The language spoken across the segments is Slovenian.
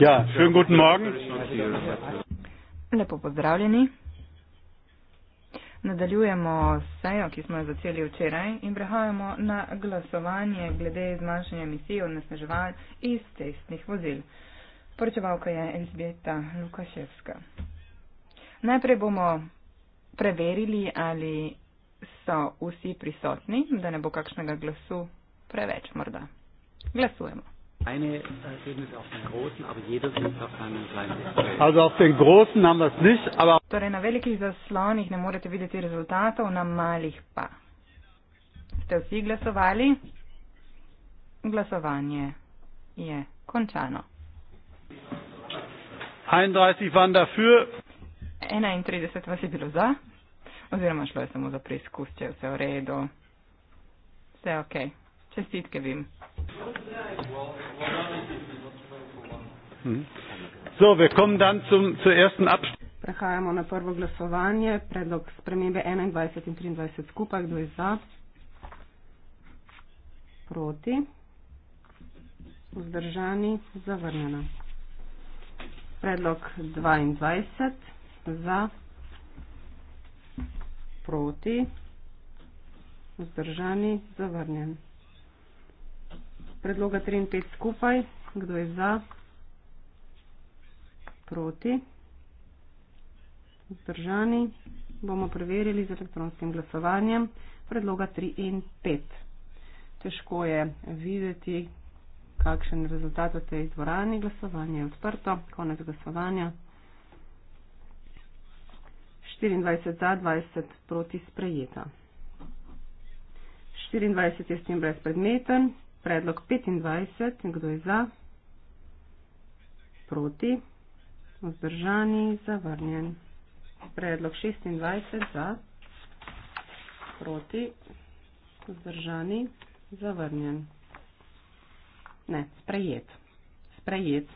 Ja, schönen guten Morgen. Lepo pozdravljeni. Nadaljujemo sejo, ki smo jo začeli včeraj in prehajamo na glasovanje glede zmanjšanja emisij onesnaževanj iz testnih vozil. Poročevalka je Elžbeta Lukaševska. Najprej bomo preverili, ali so vsi prisotni, da ne bo kakšnega glasu preveč morda. Glasujemo. Eine äh, geben wir auf den Großen, aber jeder sitzt auf einem kleinen Display. Also auf den Großen haben wir es nicht, aber... Torej, na velikih zaslonih ne morete videti rezultatov, na malih pa. Ste vsi glasovali? Glasovanje je končano. 31 van dafür. 31 vas je bilo za. Oziroma šlo je samo za preizkus, če je vse v redu. Vse ok. Čestitke vim. Well, Prehajamo na prvo glasovanje. Predlog spremembe 21 in 23 skupaj. Kdo je za? Proti? Vzdržani? Zavrnjeno. Predlog 22. Za? Proti? Vzdržani? Zavrnjeno predloga 3 in 5 skupaj. Kdo je za? Proti? Zdržani? Bomo preverili z elektronskim glasovanjem predloga 3 in 5. Težko je videti, kakšen rezultat v tej dvorani. Glasovanje je odprto. Konec glasovanja. 24 za, 20 proti sprejeta. 24 je s tem brezpredmeten, predlog 25, kdo je za, proti, vzdržani, zavrnjen. Predlog 26 za, proti, vzdržani, zavrnjen. Ne, sprejet. Sprejet.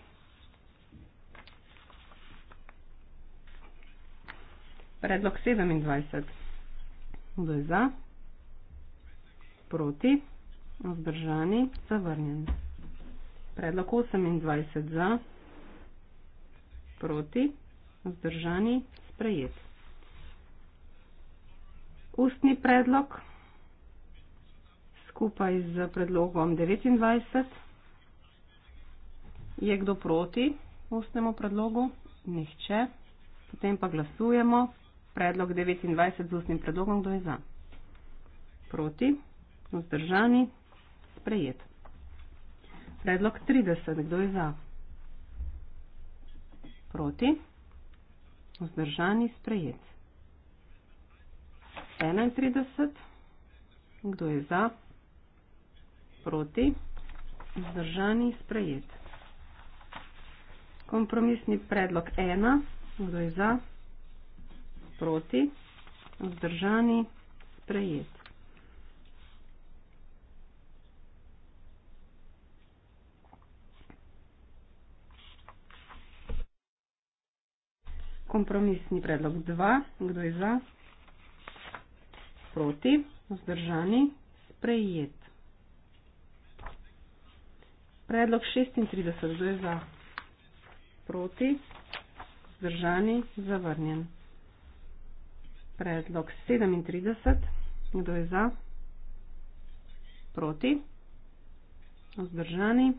Predlog 27. Kdo je za? Proti? Vzdržani, zavrnjen. Predlog 28 za, proti, vzdržani, sprejet. Ustni predlog skupaj z predlogom 29. Je kdo proti ustnemu predlogu? Nihče. Potem pa glasujemo. Predlog 29 z ustnim predlogom, kdo je za? Proti, vzdržani, sprejet sprejet. Predlog 30. Kdo je za? Proti? Vzdržani sprejet. 31. Kdo je za? Proti? Vzdržani sprejet. Kompromisni predlog 1. Kdo je za? Proti? Vzdržani sprejet. kompromisni predlog 2, kdo je za, proti, vzdržani, sprejet. Predlog 36, kdo je za, proti, vzdržani, zavrnjen. Predlog 37, kdo je za, proti, vzdržani,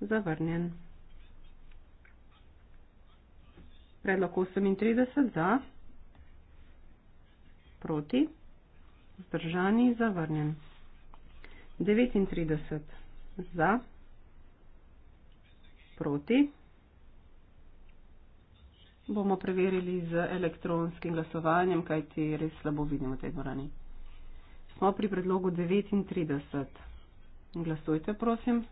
zavrnjen. Predlog 38 za, proti, vzdržani, zavrnjen. 39 za, proti. Bomo preverili z elektronskim glasovanjem, kaj ti res slabo vidimo v tej dvorani. Smo pri predlogu 39. Glasujte, prosim.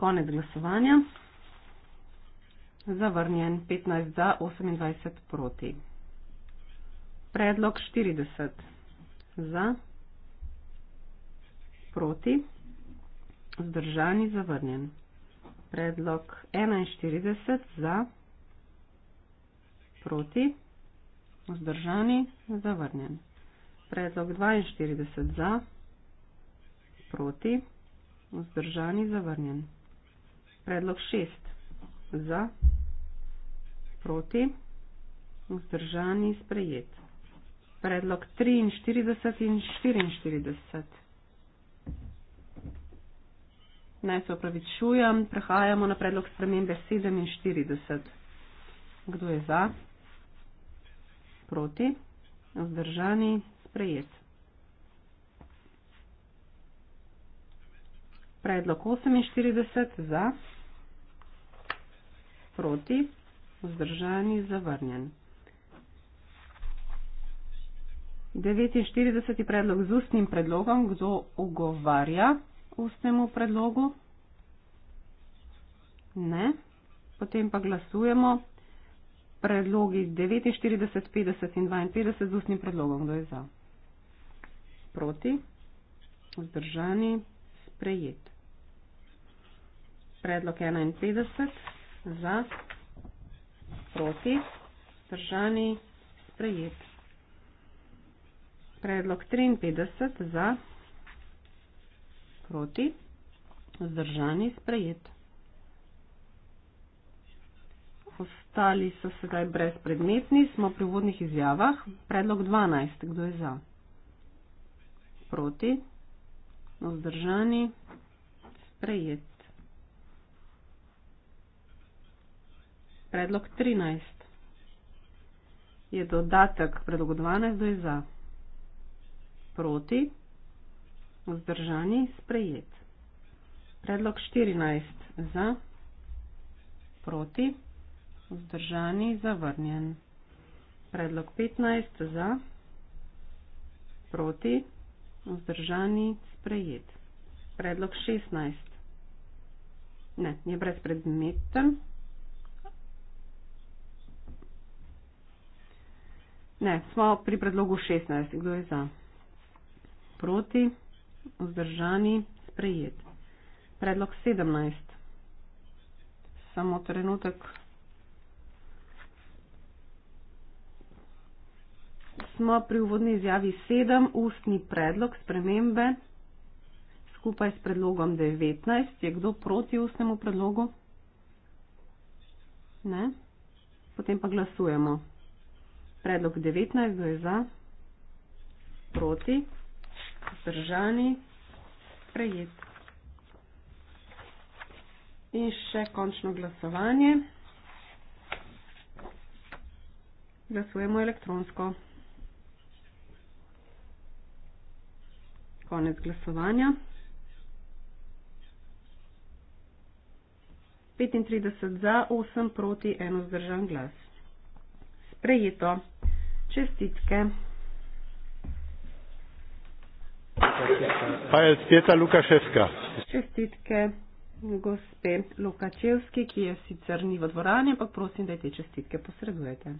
Konec glasovanja. Zavrnjen 15 za 28 proti. Predlog 40 za proti. Zdržani zavrnjen. Predlog 41 za proti. Zdržani zavrnjen. Predlog 42 za proti. Zdržani zavrnjen. Predlog 6 za proti proti, vzdržan in sprejet. Predlog 43 in 44. Naj se opravičujem, prehajamo na predlog spremembe 47. Kdo je za? Proti, vzdržan in sprejet. Predlog 48 za, proti, vzdržani, zavrnjen. 49. predlog z ustnim predlogom, kdo ogovarja ustnemu predlogu? Ne. Potem pa glasujemo predlogi 49, 50 in 52 z ustnim predlogom, kdo je za. Proti, vzdržani, sprejet. Predlog 51, za, proti, vzdržani, sprejet. Predlog 53 za, proti, vzdržani, sprejet. Ostali so sedaj brezpredmetni, smo pri vodnih izjavah. Predlog 12, kdo je za? Proti, vzdržani, sprejet. predlog 13 je dodatek predlogu 12 do za, proti, vzdržani, sprejet. Predlog 14 za, proti, vzdržani, zavrnjen. Predlog 15 za, proti, vzdržani, sprejet. Predlog 16. Ne, je brezpredmeten, Ne, smo pri predlogu 16. Kdo je za? Proti, vzdržani, sprejet. Predlog 17. Samo trenutek. Smo pri uvodni izjavi 7, ustni predlog spremembe skupaj s predlogom 19. Je kdo proti ustnemu predlogu? Ne. Potem pa glasujemo. Predlog 19 je za, proti, zdržani, sprejet. In še končno glasovanje. Glasujemo elektronsko. Konec glasovanja. 35 za, 8 proti, 1 zdržan glas. Sprejeto. Čestitke. Pa je Sveta Lukaševska. Čestitke gospe Lukačevski, ki je sicer ni v dvorani, ampak prosim, da te čestitke posredujete.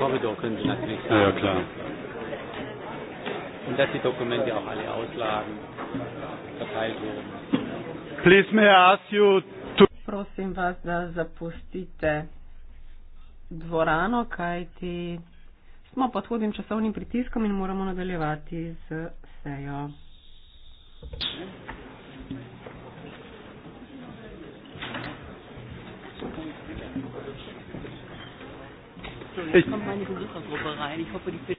Korridor können Sie natürlich sagen. Ja, ja klar. Und dass die Dokumente auch alle auslagen, verteilt wurden. Please may I ask you to... Prosim vas da zapustite dvorano, kajti smo pod hudim časovnim pritiskom in moramo nadaljevati z sejo. Okay. Entschuldigung, ich komme meine Besucher vorbereiten. Ich hoffe, die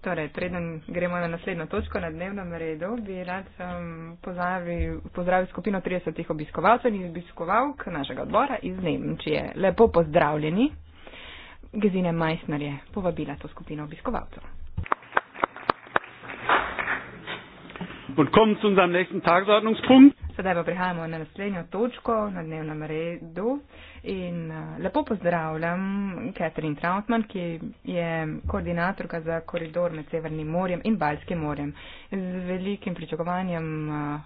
Torej, preden gremo na naslednjo točko na dnevnem redu, bi rad um, pozdravil, pozdravil skupino 30 obiskovalcev in obiskovalk našega odbora iz Nemčije. Lepo pozdravljeni. Gezine Meissner je povabila to skupino obiskovalcev. Und kommen zu unserem nächsten Tagesordnungspunkt. Sedaj pa prihajamo na naslednjo točko na dnevnem redu in eh, lepo pozdravljam Catherine Trautmann, ki je koordinatorka za koridor med Severnim morjem in Balskim morjem. Z velikim pričakovanjem eh,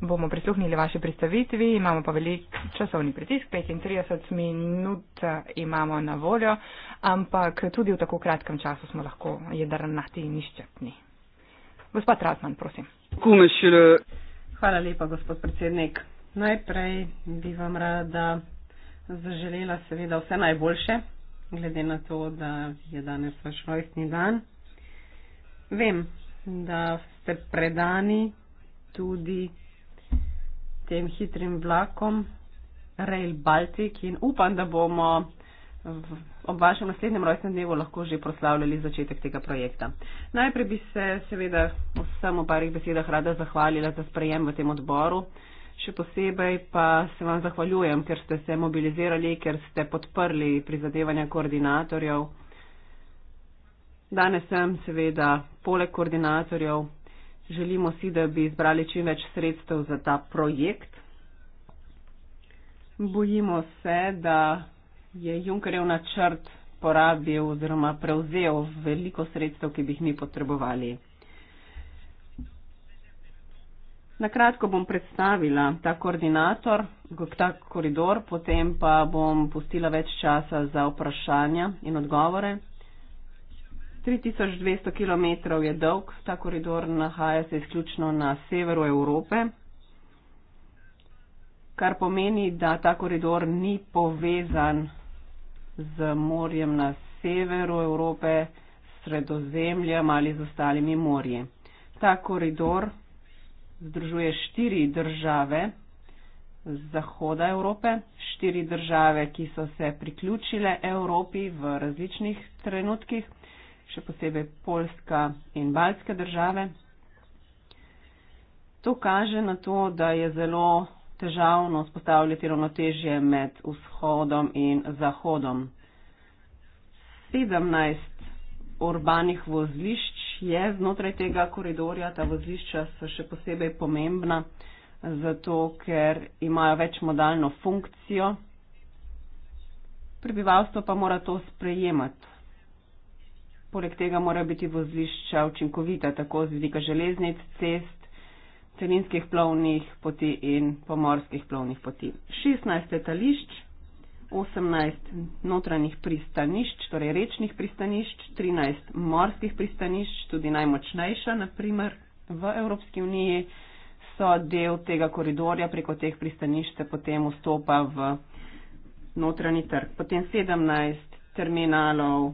bomo prisluhnili vaši predstavitvi, imamo pa velik časovni pritisk, 35 minut eh, imamo na voljo, ampak tudi v tako kratkem času smo lahko jedrnati in iščetni. Gospod Trautmann, prosim. Hvala lepa, gospod predsednik. Najprej bi vam rada zaželela seveda vse najboljše, glede na to, da je danes vaš rojstni dan. Vem, da ste predani tudi tem hitrim vlakom Rail Baltic in upam, da bomo ob vašem naslednjem rojstnem dnevu lahko že proslavljali začetek tega projekta. Najprej bi se seveda vsem v parih besedah rada zahvalila za sprejem v tem odboru. Še posebej pa se vam zahvaljujem, ker ste se mobilizirali, ker ste podprli prizadevanja koordinatorjev. Danes sem seveda poleg koordinatorjev. Želimo si, da bi izbrali čim več sredstev za ta projekt. Bojimo se, da je Junkerjev načrt porabil oziroma prevzel veliko sredstev, ki bi jih mi potrebovali. Na kratko bom predstavila ta koordinator, ta koridor, potem pa bom pustila več časa za vprašanja in odgovore. 3200 km je dolg, ta koridor nahaja se izključno na severu Evrope, kar pomeni, da ta koridor ni povezan z morjem na severu Evrope, sredozemljem ali z ostalimi morji. Ta koridor združuje štiri države z zahoda Evrope, štiri države, ki so se priključile Evropi v različnih trenutkih, še posebej Poljska in Baljske države. To kaže na to, da je zelo težavno spostavljati ravnotežje med vzhodom in zahodom. 17 urbanih vozlišč je znotraj tega koridorja, ta vozlišča so še posebej pomembna, zato ker imajo večmodalno funkcijo, prebivalstvo pa mora to sprejemati. Poleg tega morajo biti vozlišča učinkovita tako z vidika železnic, cest, celinskih plovnih poti in pomorskih plovnih poti. 16 letališč, 18 notranjih pristanišč, torej rečnih pristanišč, 13 morskih pristanišč, tudi najmočnejša naprimer v Evropski uniji, so del tega koridorja, preko teh pristanišč se potem vstopa v notranji trg. Potem 17 terminalov,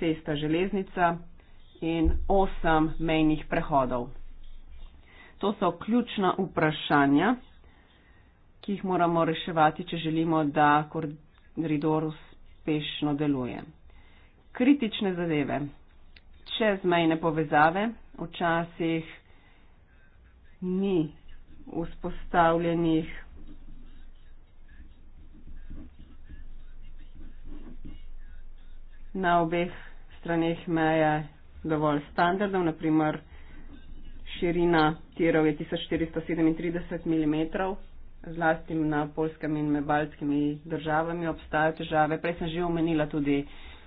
cesta železnica in 8 mejnih prehodov. To so ključna vprašanja, ki jih moramo reševati, če želimo, da koridor uspešno deluje. Kritične zadeve, čezmejne povezave, včasih ni vzpostavljenih. Na obeh straneh meje dovolj standardov, naprimer širina tirov je 1437 mm, zlasti na polskem in med baltskimi državami obstajajo težave. Prej sem že omenila tudi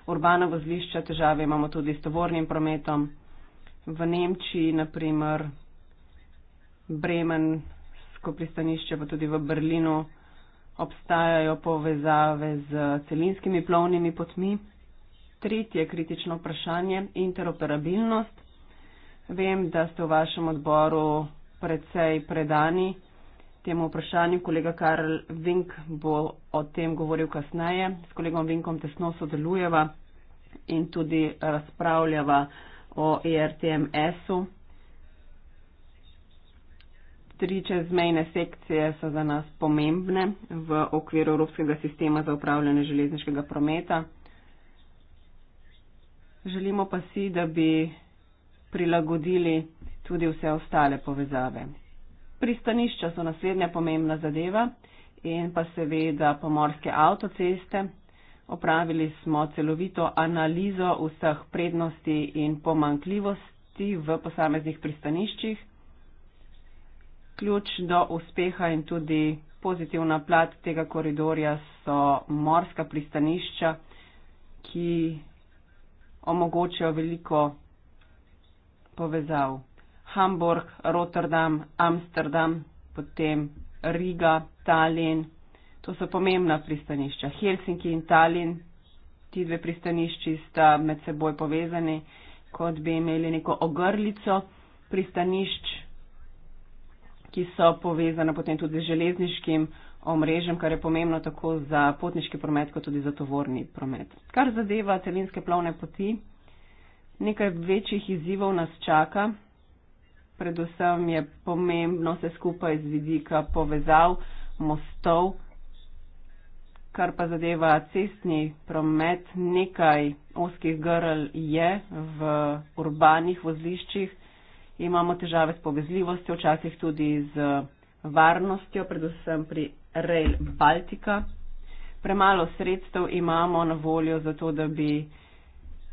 urbana vozlišča, težave imamo tudi s tovornim prometom. V Nemčiji, naprimer, Bremen, skopristanišče, pa tudi v Berlinu obstajajo povezave z celinskimi plovnimi potmi. Tretje kritično vprašanje, interoperabilnost. Vem, da ste v vašem odboru precej predani temu vprašanju. Kolega Karl Vink bo o tem govoril kasneje. S kolegom Vinkom tesno sodelujeva in tudi razpravljava o ERTMS-u. Tri čezmejne sekcije so za nas pomembne v okviru Evropskega sistema za upravljanje železniškega prometa. Želimo pa si, da bi prilagodili tudi vse ostale povezave. Pristanišča so naslednja pomembna zadeva in pa seveda pomorske avtoceste. Opravili smo celovito analizo vseh prednosti in pomankljivosti v posameznih pristaniščih. Ključ do uspeha in tudi pozitivna plat tega koridorja so morska pristanišča, ki omogočajo veliko povezav. Hamburg, Rotterdam, Amsterdam, potem Riga, Tallinn. To so pomembna pristanišča. Helsinki in Tallinn, ti dve pristanišči sta med seboj povezani, kot bi imeli neko ogrlico pristanišč, ki so povezana potem tudi z železniškim omrežjem, kar je pomembno tako za potniški promet, kot tudi za tovorni promet. Kar zadeva celinske plovne poti nekaj večjih izzivov nas čaka. Predvsem je pomembno se skupaj z vidika povezav, mostov, kar pa zadeva cestni promet. Nekaj oskih grl je v urbanih vozliščih. Imamo težave s povezljivostjo, včasih tudi z varnostjo, predvsem pri Rail Baltica. Premalo sredstev imamo na voljo za to, da bi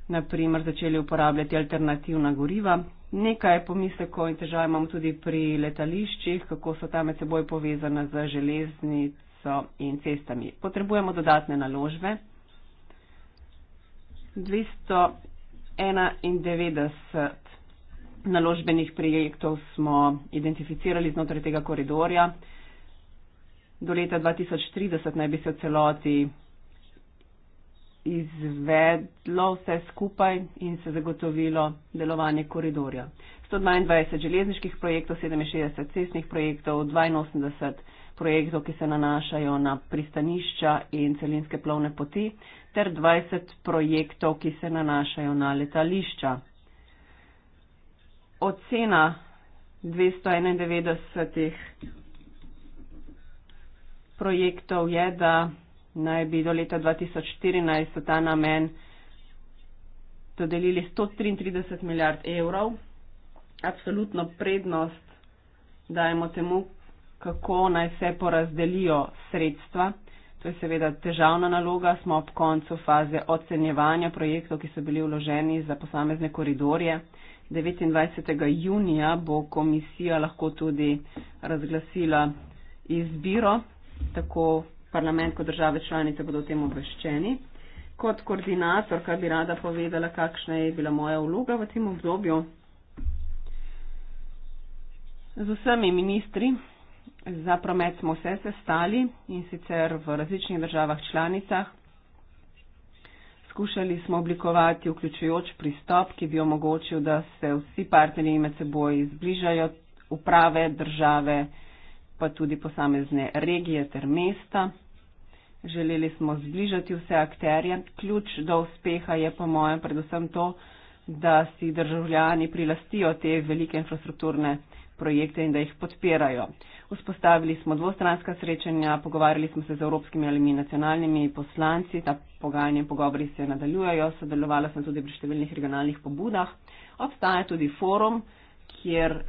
naprimer začeli uporabljati alternativna goriva. Nekaj pomisleko in težav imamo tudi pri letališčih, kako so ta med seboj povezana z železnico in cestami. Potrebujemo dodatne naložbe. 291 naložbenih projektov smo identificirali znotraj tega koridorja. Do leta 2030 naj bi se v celoti izvedlo vse skupaj in se zagotovilo delovanje koridorja. 122 železniških projektov, 67 cestnih projektov, 82 projektov, ki se nanašajo na pristanišča in celinske plovne poti, ter 20 projektov, ki se nanašajo na letališča. Ocena 291 projektov je, da naj bi do leta 2014 za ta namen dodelili 133 milijard evrov. Absolutno prednost dajemo temu, kako naj se porazdelijo sredstva. To je seveda težavna naloga, smo ob koncu faze ocenjevanja projektov, ki so bili vloženi za posamezne koridorje. 29. junija bo komisija lahko tudi razglasila izbiro, tako parlament kot države članice bodo o tem obveščeni. Kot koordinator, kaj bi rada povedala, kakšna je bila moja vloga v tem obdobju. Z vsemi ministri za promet smo se sestali in sicer v različnih državah članicah. Skušali smo oblikovati vključujoč pristop, ki bi omogočil, da se vsi partnerji med seboj zbližajo, uprave, države, pa tudi posamezne regije ter mesta. Želeli smo zbližati vse akterje. Ključ do uspeha je po mojem predvsem to, da si državljani prilastijo te velike infrastrukturne projekte in da jih podpirajo. Vzpostavili smo dvostranska srečanja, pogovarjali smo se z evropskimi ali nacionalnimi poslanci, ta pogajanje in pogovori se nadaljujejo, sodelovala sem tudi pri številnih regionalnih pobudah. Obstaja tudi forum, kjer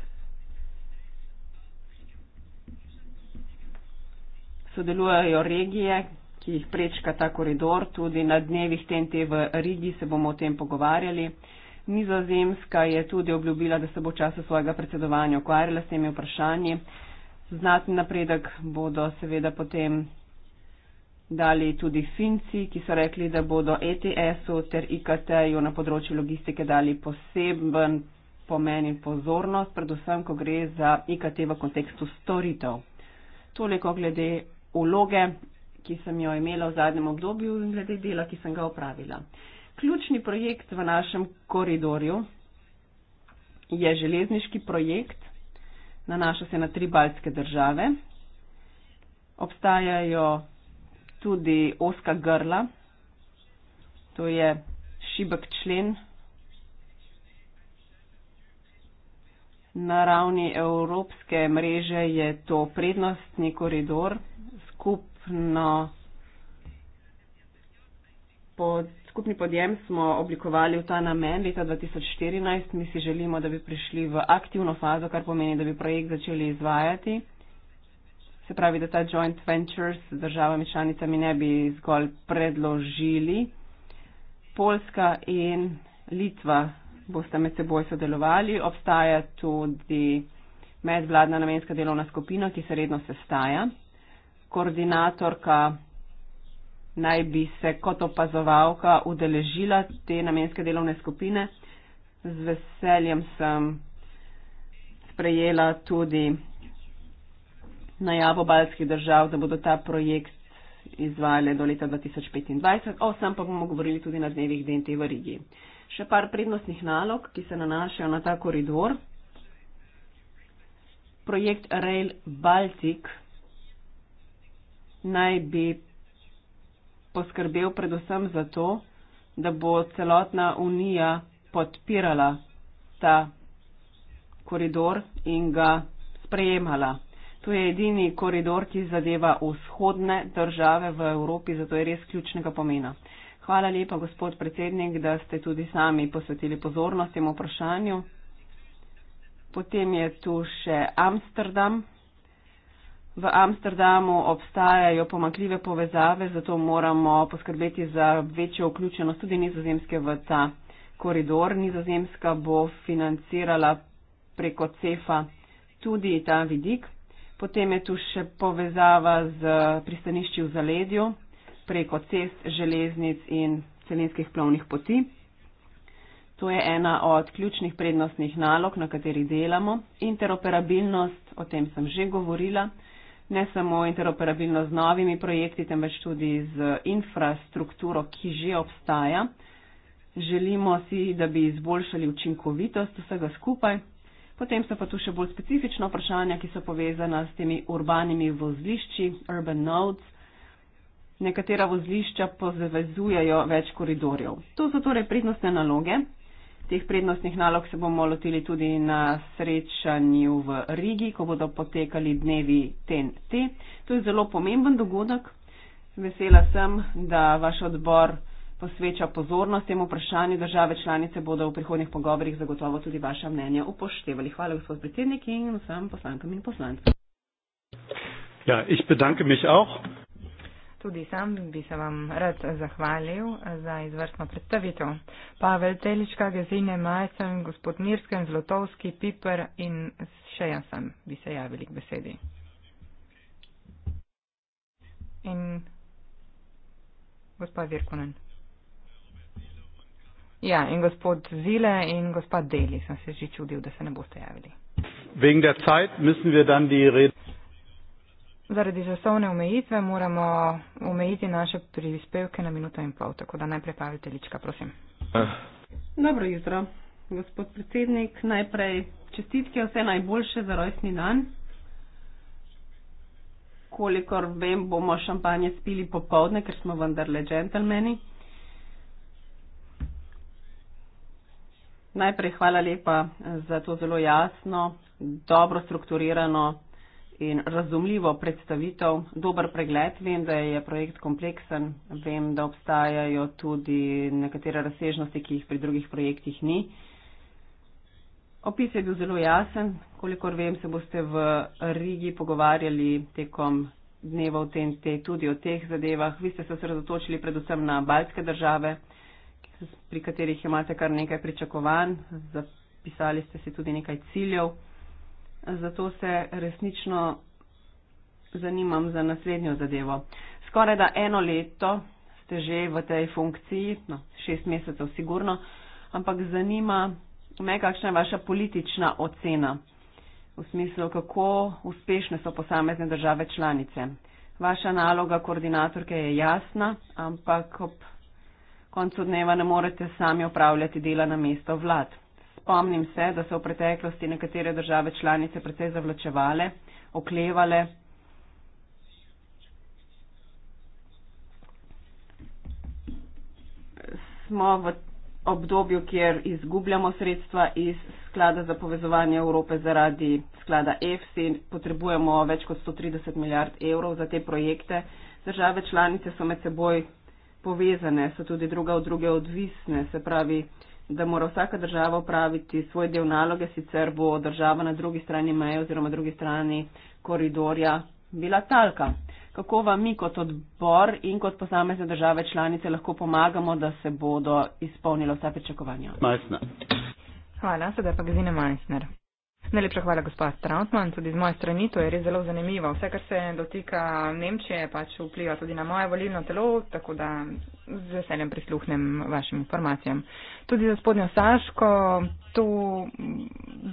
sodelujejo regije, ki jih prečka ta koridor, tudi na dnevih TNT v Rigi se bomo o tem pogovarjali. Nizozemska je tudi obljubila, da se bo v času svojega predsedovanja ukvarjala s temi vprašanji. Znatni napredek bodo seveda potem dali tudi Finci, ki so rekli, da bodo ETS-u ter IKT-ju na področju logistike dali poseben pomen in pozornost, predvsem, ko gre za IKT v kontekstu storitev. Toliko glede vloge, ki sem jo imela v zadnjem obdobju in glede dela, ki sem ga opravila. Ključni projekt v našem koridorju je železniški projekt, nanaša se na tri baltske države. Obstajajo tudi oska grla, to je šibek člen na ravni evropske mreže, je to prednostni koridor skupno pod, skupni podjem smo oblikovali v ta namen leta 2014. Mi si želimo, da bi prišli v aktivno fazo, kar pomeni, da bi projekt začeli izvajati. Se pravi, da ta joint venture s državami članicami ne bi zgolj predložili. Polska in Litva boste med seboj sodelovali. Obstaja tudi medvladna namenska delovna skupina, ki se redno sestaja koordinatorka naj bi se kot opazovalka udeležila te namenske delovne skupine. Z veseljem sem sprejela tudi najavo baljskih držav, da bodo ta projekt izvajali do leta 2025, o sem pa bomo govorili tudi na dnevih DNT v Rigi. Še par prednostnih nalog, ki se nanašajo na ta koridor. Projekt Rail Baltic naj bi poskrbel predvsem za to, da bo celotna unija podpirala ta koridor in ga sprejemala. To je edini koridor, ki zadeva vzhodne države v Evropi, zato je res ključnega pomena. Hvala lepa, gospod predsednik, da ste tudi sami posvetili pozornost temu vprašanju. Potem je tu še Amsterdam. V Amsterdamu obstajajo pomakljive povezave, zato moramo poskrbeti za večjo vključenost tudi nizozemske v ta koridor. Nizozemska bo financirala preko CEFA tudi ta vidik. Potem je tu še povezava z pristanišči v zaledju preko cest, železnic in celinskih plovnih poti. To je ena od ključnih prednostnih nalog, na kateri delamo. Interoperabilnost, o tem sem že govorila ne samo interoperabilno z novimi projekti, temveč tudi z infrastrukturo, ki že obstaja. Želimo si, da bi izboljšali učinkovitost vsega skupaj. Potem so pa tu še bolj specifična vprašanja, ki so povezana s temi urbanimi vozlišči, urban nodes. Nekatera vozlišča pozavezujejo več koridorjev. To so torej prednostne naloge, Teh prednostnih nalog se bomo lotili tudi na srečanju v Rigi, ko bodo potekali dnevi TNT. To je zelo pomemben dogodek. Vesela sem, da vaš odbor posveča pozornost temu vprašanju. Države članice bodo v prihodnih pogovorjih zagotovo tudi vaša mnenja upoštevali. Hvala, gospod predsednik, in vsem poslankam in poslancem. Ja, ich bedanke mich auch tudi sam bi se vam rad zahvalil za izvrstno predstavitev. Pavel Telička, Gazine, Majcem, gospod Nirsken, Zlotovski, Piper in še jaz sem bi se javili k besedi. In gospod Virkunen. Ja, in gospod Zile in gospod Deli, sem se že čudil, da se ne boste javili. Wegen der Zeit müssen wir dann die Rede zaradi časovne omejitve moramo omejiti naše prispevke na minuto in pol, tako da najprej pavite lička, prosim. Eh. Dobro jutro, gospod predsednik. Najprej čestitke vse najboljše za rojstni dan. Kolikor vem, bomo šampanje spili popovdne, ker smo vendarle džentlmeni. Najprej hvala lepa za to zelo jasno, dobro strukturirano in razumljivo predstavitev, dober pregled. Vem, da je projekt kompleksen, vem, da obstajajo tudi nekatere razsežnosti, ki jih pri drugih projektih ni. Opis je bil zelo jasen, kolikor vem, se boste v Rigi pogovarjali tekom dneva v TNT tudi o teh zadevah. Vi ste se osredotočili predvsem na baljske države, pri katerih imate kar nekaj pričakovanj, zapisali ste si tudi nekaj ciljev zato se resnično zanimam za naslednjo zadevo. Skoraj da eno leto ste že v tej funkciji, no, šest mesecev sigurno, ampak zanima me, kakšna je vaša politična ocena v smislu, kako uspešne so posamezne države članice. Vaša naloga koordinatorke je jasna, ampak ob koncu dneva ne morete sami opravljati dela na mesto vlad. Spomnim se, da so v preteklosti nekatere države članice precej zavlačevale, oklevale. Smo v obdobju, kjer izgubljamo sredstva iz sklada za povezovanje Evrope zaradi sklada EFS in potrebujemo več kot 130 milijard evrov za te projekte. Države članice so med seboj povezane, so tudi druga od druge odvisne, se pravi, da mora vsaka država upraviti svoj del naloge, sicer bo država na drugi strani meje oziroma drugi strani koridorja bila talka. Kako vam mi kot odbor in kot posamezne države članice lahko pomagamo, da se bodo izpolnila vsa pričakovanja? Majsna. Hvala, sedaj pa Gazina Majsner. Najlepša hvala, gospod Trautmann. Tudi z moje strani to je res zelo zanimivo. Vse, kar se dotika Nemčije, pač vpliva tudi na moje volilno telo, tako da z veseljem prisluhnem vašim informacijam. Tudi za spodnjo Saško to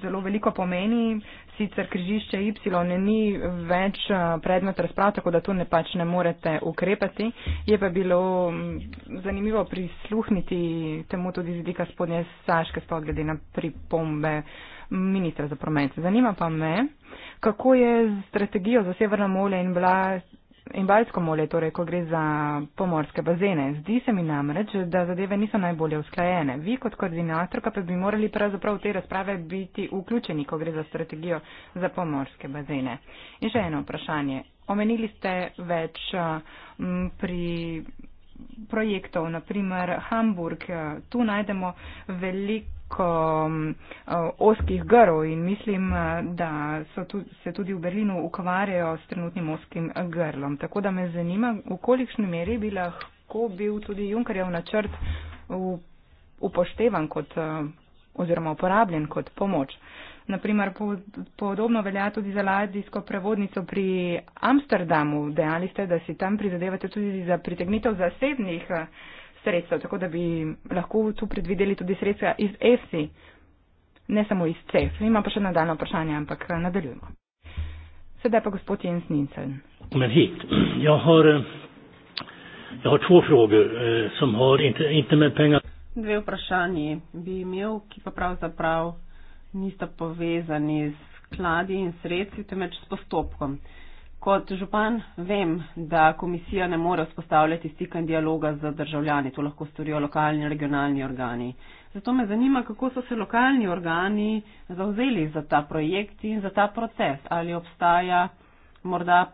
zelo veliko pomeni. Sicer križišče Y ni več eh, predmet razprav, tako da tu ne pač ne morete ukrepati. Je pa bilo mm, zanimivo prisluhniti temu tudi z vidika spodnje Saške, sploh glede na pripombe ministra za promet. Zanima pa me, kako je z strategijo za Severno more in, in Baljsko more, torej ko gre za pomorske bazene. Zdi se mi namreč, da zadeve niso najbolje usklajene. Vi kot koordinatorka pa bi morali pravzaprav v te razprave biti vključeni, ko gre za strategijo za pomorske bazene. In še eno vprašanje. Omenili ste več m, pri projektov, naprimer Hamburg. Tu najdemo veliko preko um, mm, eh, oskih grov in mislim, eh, da so tu, se tudi v Berlinu ukvarjajo s trenutnim oskim grlom. Tako da me zanima, v kolikšni meri bi lahko bil tudi Junkerjev načrt v, upoštevan kot, eh, oziroma uporabljen kot pomoč. Naprimer, po, podobno velja tudi za ladijsko prevodnico pri Amsterdamu. Dejali ste, da si tam prizadevate tudi za pritegnitev zasebnih. Uh, sredstev, tako da bi lahko tu predvideli tudi sredstva iz EFSI, ne samo iz CEF. Imam pa še nadaljno vprašanje, ampak eh, nadaljujemo. Sedaj pa gospod Jens Nincen. Men hit. Ja, har, ja, har tvo frågor, eh, som har inte, inte med pengar. Dve vprašanji bi imel, ki pa pravzaprav nista povezani z skladi in sredstvi, temveč s postopkom. Uh, Kot župan vem, da komisija ne more vzpostavljati stika in dialoga z državljani, to lahko storijo lokalni in regionalni organi. Zato me zanima, kako so se lokalni organi zauzeli za ta projekt in za ta proces. Ali obstaja morda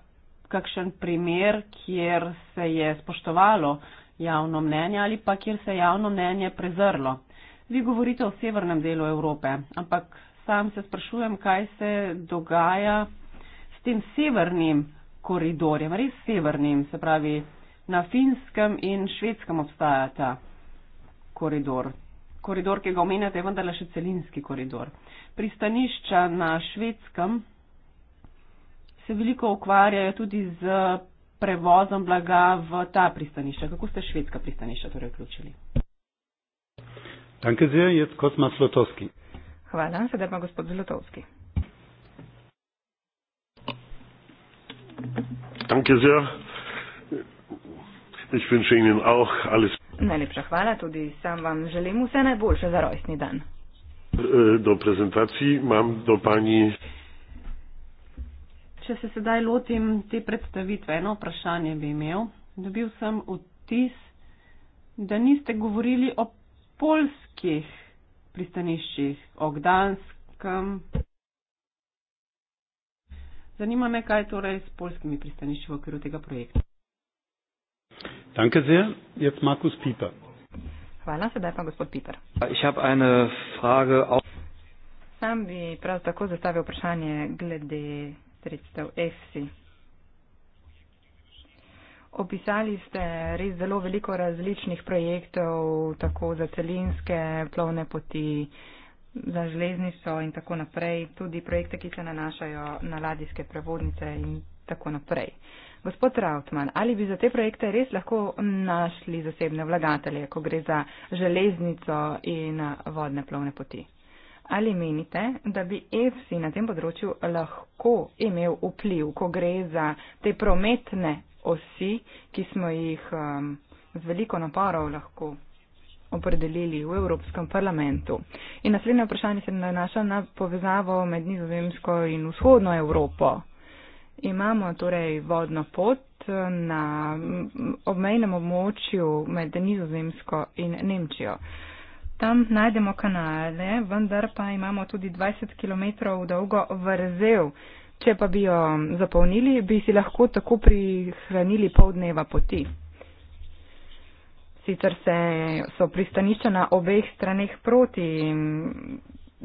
kakšen primer, kjer se je spoštovalo javno mnenje ali pa kjer se je javno mnenje prezrlo. Vi govorite o severnem delu Evrope, ampak sam se sprašujem, kaj se dogaja tem severnim koridorjem, res severnim, se pravi, na finskem in švedskem obstaja ta koridor. Koridor, ki ga omenjate, je vendarle še celinski koridor. Pristanišča na švedskem se veliko ukvarjajo tudi z prevozom blaga v ta pristanišča. Kako ste švedska pristanišča torej vključili? Danke sehr, jetzt Kosma Slotowski. Hvala, sedaj pa gospod Zlotovski. Danke sehr. Ich wünsche Ihnen auch alles. Najlepša hvala, tudi sam vam želim vse najboljše za rojstni dan. Eh, do prezentaciji imam do pani. Če se sedaj lotim te predstavitve, eno vprašanje bi imel. Dobil sem vtis, da niste govorili o polskih pristaniščih, o Gdanskem. Zanima me, kaj torej s polskimi pristanišči v okviru tega projekta. Hvala, sedaj pa gospod Piper. Sam bi prav tako zastavil vprašanje glede sredstev EFSI. Opisali ste res zelo veliko različnih projektov, tako za celinske plovne poti, za železnico in tako naprej, tudi projekte, ki se nanašajo na ladijske prevodnice in tako naprej. Gospod Rautman, ali bi za te projekte res lahko našli zasebne vlagatelje, ko gre za železnico in vodne plovne poti? Ali menite, da bi EFSI na tem področju lahko imel vpliv, ko gre za te prometne osi, ki smo jih um, z veliko naporov lahko opredelili v Evropskem parlamentu. In naslednje vprašanje se nanaša na povezavo med Nizozemsko in vzhodno Evropo. Imamo torej vodno pot eh, na mm, obmejnem območju med Nizozemsko in Nemčijo. Tam najdemo kanale, vendar pa imamo tudi 20 km dolgo vrzel. Če pa bi jo zapolnili, bi si lahko tako prihranili pol dneva poti sicer se so pristanišča na obeh straneh proti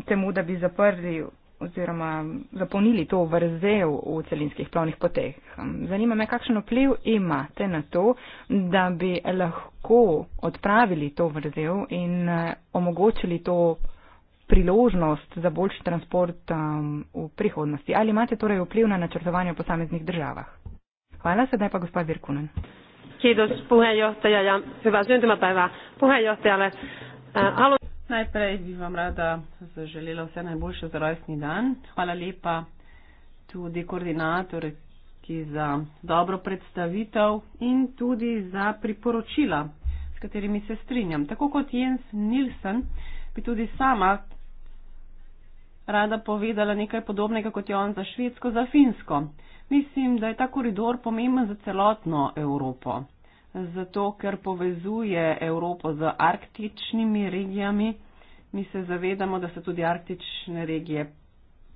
temu, da bi zaprli oziroma zapolnili to vrzel v celinskih plovnih poteh. Hm, zanima me, kakšen vpliv imate na to, da bi lahko odpravili to vrzel in eh, omogočili to priložnost za boljši transport hm, v prihodnosti. Ali imate torej vpliv na načrtovanje v posameznih državah? Hvala, sedaj pa gospod Virkunen. Kiitos puheenjohtaja ja hyvää syntymäpäivää puheenjohtajalle. Alu- Najprej bi vam rada zaželela vse najboljše za rojstni dan. Hvala lepa tudi koordinatorki za dobro predstavitev in tudi za priporočila, s katerimi se strinjam. Tako kot Jens Nilsen bi tudi sama rada povedala nekaj podobnega kot je on za Švedsko, za Finsko. Mislim, da je ta koridor pomemben za celotno Evropo zato ker povezuje Evropo z arktičnimi regijami. Mi se zavedamo, da so tudi arktične regije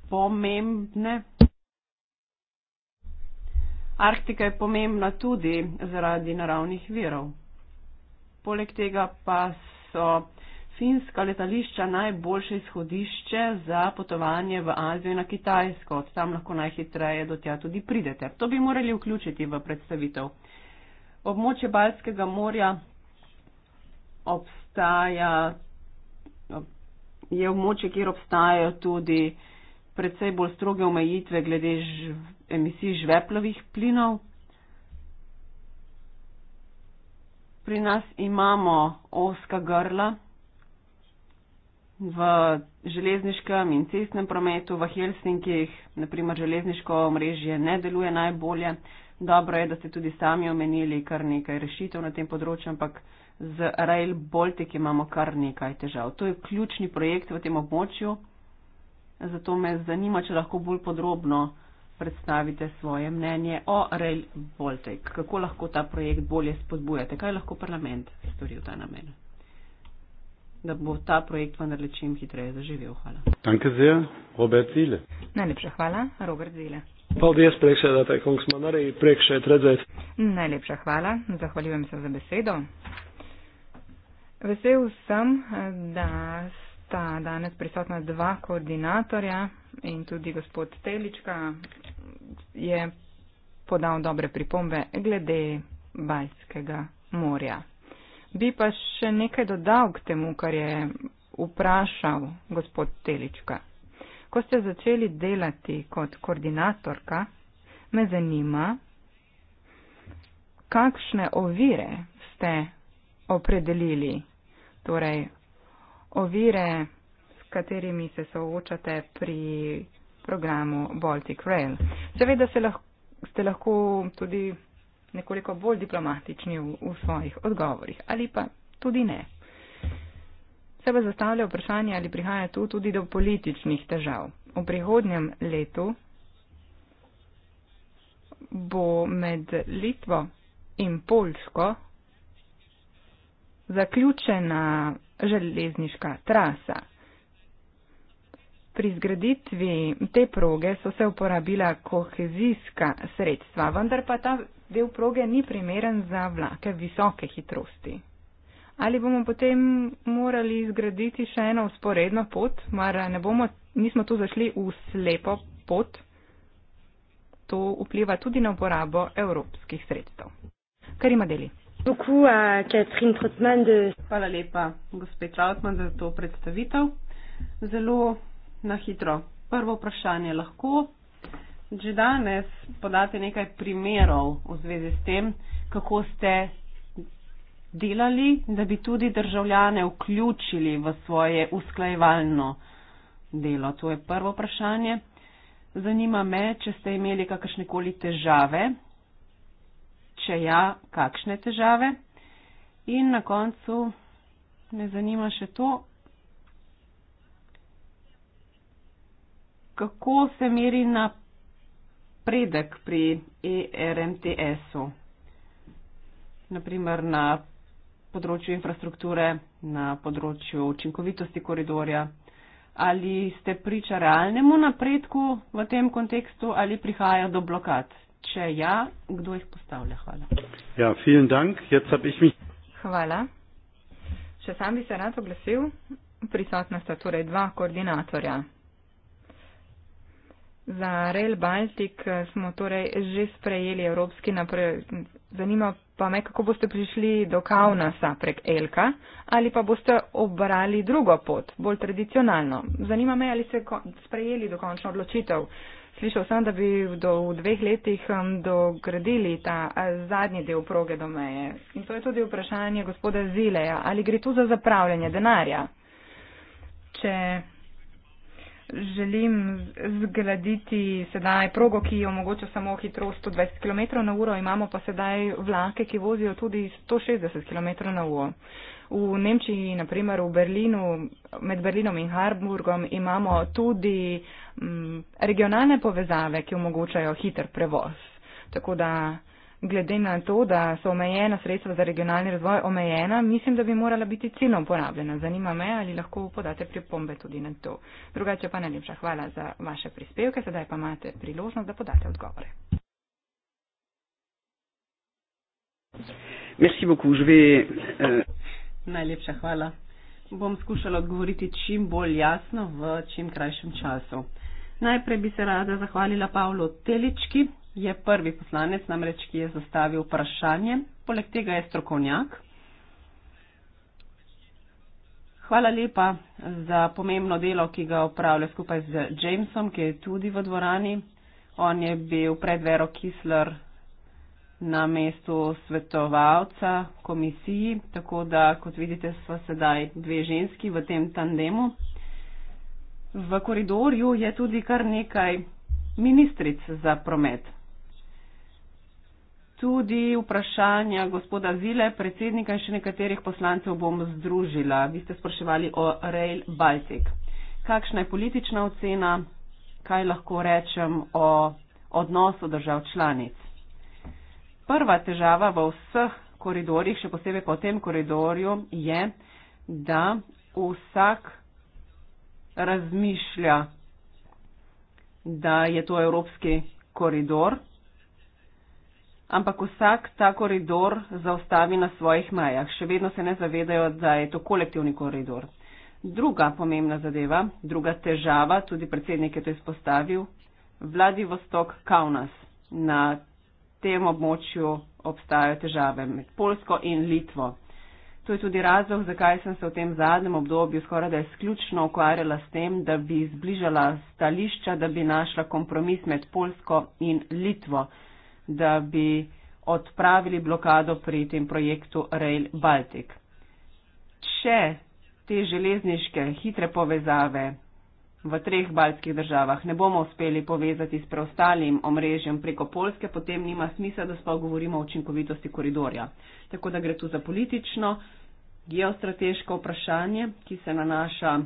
pomembne. Arktika je pomembna tudi zaradi naravnih virov. Poleg tega pa so finska letališča najboljše izhodišče za potovanje v Azijo in na Kitajsko. Od tam lahko najhitreje do tja tudi pridete. To bi morali vključiti v predstavitev. Območje Balskega morja obstaja, je območje, kjer obstajajo tudi predvsej bolj stroge omejitve glede ž, emisij žveplovih plinov. Pri nas imamo oska grla v železniškem in cestnem prometu, v Helsinkih, naprimer železniško omrežje ne deluje najbolje. Dobro je, da ste tudi sami omenili kar nekaj rešitev na tem področju, ampak z Rail Baltic imamo kar nekaj težav. To je ključni projekt v tem območju, zato me zanima, če lahko bolj podrobno predstavite svoje mnenje o Rail Baltic. Kako lahko ta projekt bolje spodbujate? Kaj lahko parlament stori v ta namen? Da bo ta projekt vendarle čim hitreje zaživel. Hvala. Danke sehr, Robert Zile. Najlepša hvala, Robert Zile. Paldies, priekšsēdētāji, kungs, man arī priekšēt redzēt. Najlepša hvala, zahvaljujem sa za besedo. Vesel sem, da sta danes prisotna dva koordinatorja in tudi gospod Telička je podal dobre pripombe glede Baljskega morja. Bi pa še nekaj dodal k temu, kar je vprašal gospod Telička. Ko ste začeli delati kot koordinatorka, me zanima, kakšne ovire ste opredelili, torej ovire, s katerimi se soočate pri programu Baltic Rail. Seveda se lahko, ste lahko tudi nekoliko bolj diplomatični v, v svojih odgovorih ali pa tudi ne se pa zastavlja vprašanje, ali prihaja tu tudi do političnih težav. V prihodnjem letu bo med Litvo in Polsko zaključena železniška trasa. Pri zgraditvi te proge so se uporabila kohezijska sredstva, vendar pa ta del proge ni primeren za vlake visoke hitrosti ali bomo potem morali zgraditi še eno usporedno pot, mar ne bomo, nismo tu zašli v slepo pot. To vpliva tudi na uporabo evropskih sredstev. Kar ima deli. Hvala lepa, gospe Trautman, za to predstavitev. Zelo na hitro. Prvo vprašanje lahko. Že danes podate nekaj primerov v zvezi s tem, kako ste delali, da bi tudi državljane vključili v svoje usklajevalno delo? To je prvo vprašanje. Zanima me, če ste imeli kakršne koli težave, če ja, kakšne težave. In na koncu me zanima še to, kako se meri napredek pri ERMTS-u, naprimer na področju infrastrukture, na področju učinkovitosti koridorja. Ali ste priča realnemu napredku v tem kontekstu ali prihaja do blokad? Če ja, kdo jih postavlja? Hvala. Ja, dank. Mi... Hvala. Še sam bi se rad oglasil. Prisotna sta torej dva koordinatorja Za Rail Baltic eh, smo torej že sprejeli evropski napred. Zanima pa me, kako boste prišli do Kaunasa prek Elka ali pa boste obrali drugo pot, bolj tradicionalno. Zanima me, ali ste sprejeli dokončno odločitev. Slišal sem, da bi do, v dveh letih dogradili ta eh, zadnji del proge do meje. In to je tudi vprašanje gospoda Zileja. Ali gre tu za zapravljanje denarja? Če želim zgraditi sedaj progo, ki omogoča samo hitrost 120 km na uro, imamo pa sedaj vlake, ki vozijo tudi 160 km na uro. V Nemčiji, naprimer v Berlinu, med Berlinom in Harburgom imamo tudi mm, regionalne povezave, ki omogočajo hiter prevoz. Tako da glede na to, da so omejena sredstva za regionalni razvoj omejena, mislim, da bi morala biti ciljno uporabljena. Zanima me, ali lahko podate pripombe tudi na to. Drugače pa najlepša hvala za vaše prispevke, sedaj pa imate priložnost, da podate odgovore. Merci beaucoup, je vais, euh... Najlepša hvala. Bom skušala odgovoriti čim bolj jasno v čim krajšem času. Najprej bi se rada zahvalila Pavlu Telički, je prvi poslanec, namreč ki je zastavil vprašanje, poleg tega je strokovnjak. Hvala lepa za pomembno delo, ki ga upravlja skupaj z Jamesom, ki je tudi v dvorani. On je bil pred Vero Kisler na mestu svetovalca komisiji, tako da, kot vidite, so sedaj dve ženski v tem tandemu. V koridorju je tudi kar nekaj ministric za promet tudi vprašanja gospoda Zile, predsednika in še nekaterih poslancev bom združila. Vi ste spraševali o Rail Baltic. Kakšna je politična ocena, kaj lahko rečem o odnosu držav članic? Prva težava v vseh koridorjih, še posebej po tem koridorju, je, da vsak razmišlja, da je to evropski koridor ampak vsak ta koridor zaustavi na svojih mejah. Še vedno se ne zavedajo, da je to kolektivni koridor. Druga pomembna zadeva, druga težava, tudi predsednik je to izpostavil, Vladivostok Kaunas. Na tem območju obstajajo težave med Polsko in Litvo. To je tudi razlog, zakaj sem se v tem zadnjem obdobju skoraj da izključno ukvarjala s tem, da bi zbližala stališča, da bi našla kompromis med Polsko in Litvo da bi odpravili blokado pri tem projektu Rail Baltic. Če te železniške hitre povezave v treh baltskih državah ne bomo uspeli povezati s preostalim omrežjem preko Polske, potem nima smisla, da sploh govorimo o učinkovitosti koridorja. Tako da gre tu za politično, geostrateško vprašanje, ki se nanaša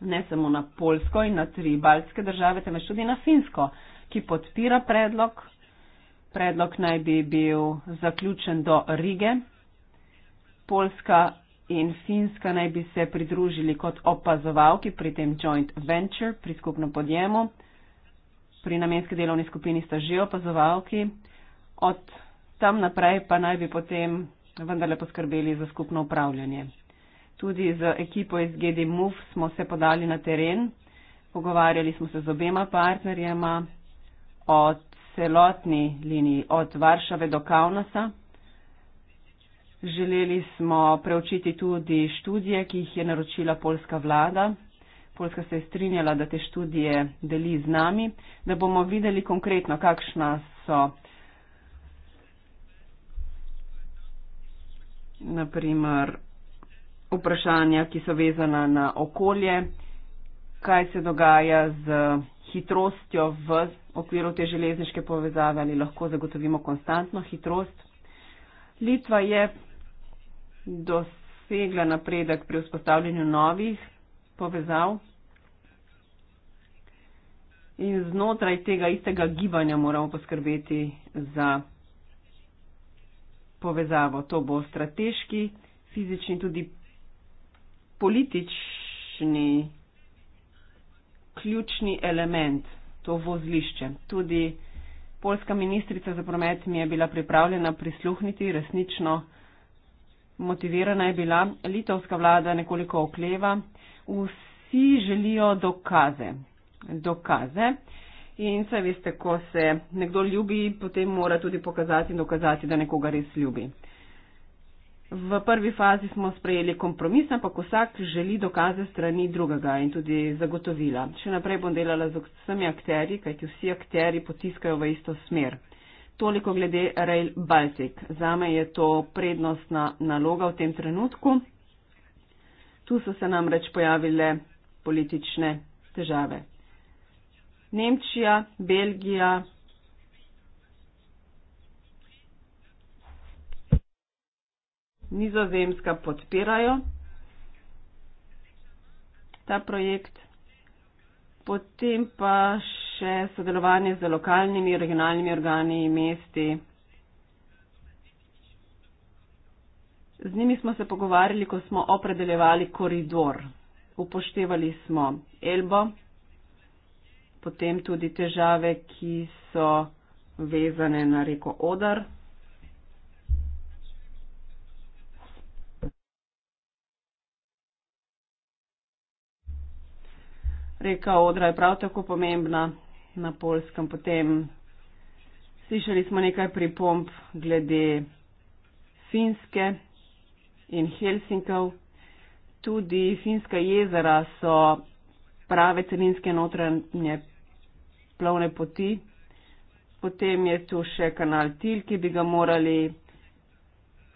ne samo na Polsko in na tri baltske države, temveč tudi na Finsko, ki podpira predlog Predlog naj bi bil zaključen do Rige. Polska in Finska naj bi se pridružili kot opazovalki pri tem joint venture, pri skupnem podjemu. Pri namenski delovni skupini sta že opazovalki. Od tam naprej pa naj bi potem vendarle poskrbeli za skupno upravljanje. Tudi z ekipo iz GD Move smo se podali na teren, pogovarjali smo se z obema partnerjema od celotni liniji od Varšave do Kaunasa. Želeli smo preučiti tudi študije, ki jih je naročila polska vlada. Polska se je strinjala, da te študije deli z nami, da bomo videli konkretno, kakšna so naprimer vprašanja, ki so vezana na okolje, kaj se dogaja z hitrostjo v okviru te železniške povezave, ali lahko zagotovimo konstantno hitrost. Litva je dosegla napredek pri vzpostavljanju novih povezav in znotraj tega istega gibanja moramo poskrbeti za povezavo. To bo strateški, fizični, tudi politični ključni element, to vozlišče. Tudi polska ministrica za promet mi je bila pripravljena prisluhniti, resnično motivirana je bila. Litovska vlada nekoliko okleva. Vsi želijo dokaze. Dokaze. In saj veste, ko se nekdo ljubi, potem mora tudi pokazati in dokazati, da nekoga res ljubi. V prvi fazi smo sprejeli kompromis, ampak vsak želi dokaze strani drugega in tudi zagotovila. Še naprej bom delala z vsemi akteri, kajti vsi akteri potiskajo v isto smer. Toliko glede Rail Baltic. Zame je to prednostna naloga v tem trenutku. Tu so se nam reč pojavile politične težave. Nemčija, Belgija, Nizozemska podpirajo ta projekt. Potem pa še sodelovanje z lokalnimi, regionalnimi organi in mesti. Z njimi smo se pogovarjali, ko smo opredeljevali koridor. Upoštevali smo Elbo, potem tudi težave, ki so vezane na reko Odar. reka Odra je prav tako pomembna na polskem. Potem slišali smo nekaj pripomb glede Finske in Helsinkov. Tudi Finska jezera so prave celinske notranje plovne poti. Potem je tu še kanal Til, ki bi ga morali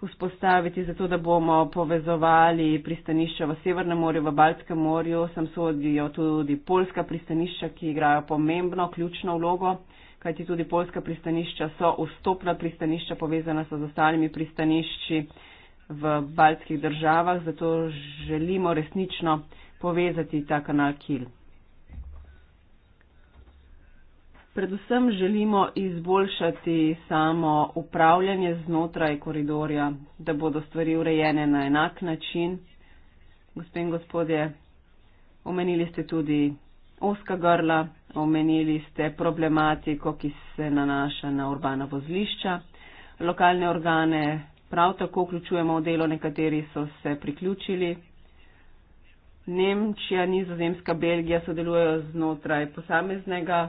vzpostaviti, zato da bomo povezovali pristanišča v Severnem morju, v Baltskem morju. Sam sodijo tudi polska pristanišča, ki igrajo pomembno, ključno vlogo, kajti tudi polska pristanišča so vstopna pristanišča, povezana so z ostalimi pristanišči v baltskih državah, zato želimo resnično povezati ta kanal Kiel. Predvsem želimo izboljšati samo upravljanje znotraj koridorja, da bodo stvari urejene na enak način. Gospe in gospodje, omenili ste tudi oska grla, omenili ste problematiko, ki se nanaša na urbana vozlišča. Lokalne organe prav tako vključujemo v delo, nekateri so se priključili. Nemčija, Nizozemska, Belgija sodelujejo znotraj posameznega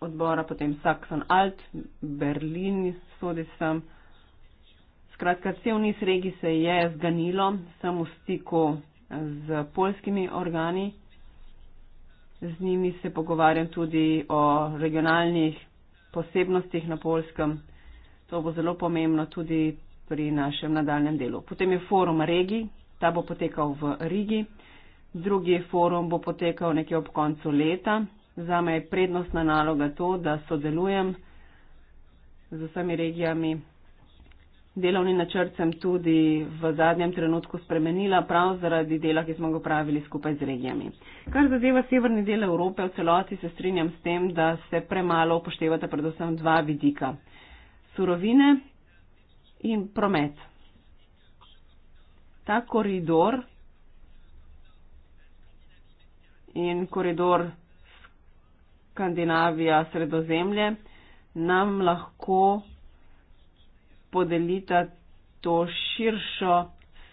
odbora, potem Saxon Alt, Berlin sodi sem. Skratka, cel niz regij se je zganilo, sem v stiku z polskimi organi. Z njimi se pogovarjam tudi o regionalnih posebnostih na polskem. To bo zelo pomembno tudi pri našem nadaljem delu. Potem je forum regij, ta bo potekal v Rigi. Drugi forum bo potekal nekje ob koncu leta, za me je prednostna naloga to, da sodelujem z vsemi regijami. Delovni načrt sem tudi v zadnjem trenutku spremenila prav zaradi dela, ki smo ga pravili skupaj z regijami. Kar zadeva severni del Evrope, v celoti se strinjam s tem, da se premalo upoštevata predvsem dva vidika. Surovine in promet. Ta koridor in koridor Skandinavija, Sredozemlje, nam lahko podelita to širšo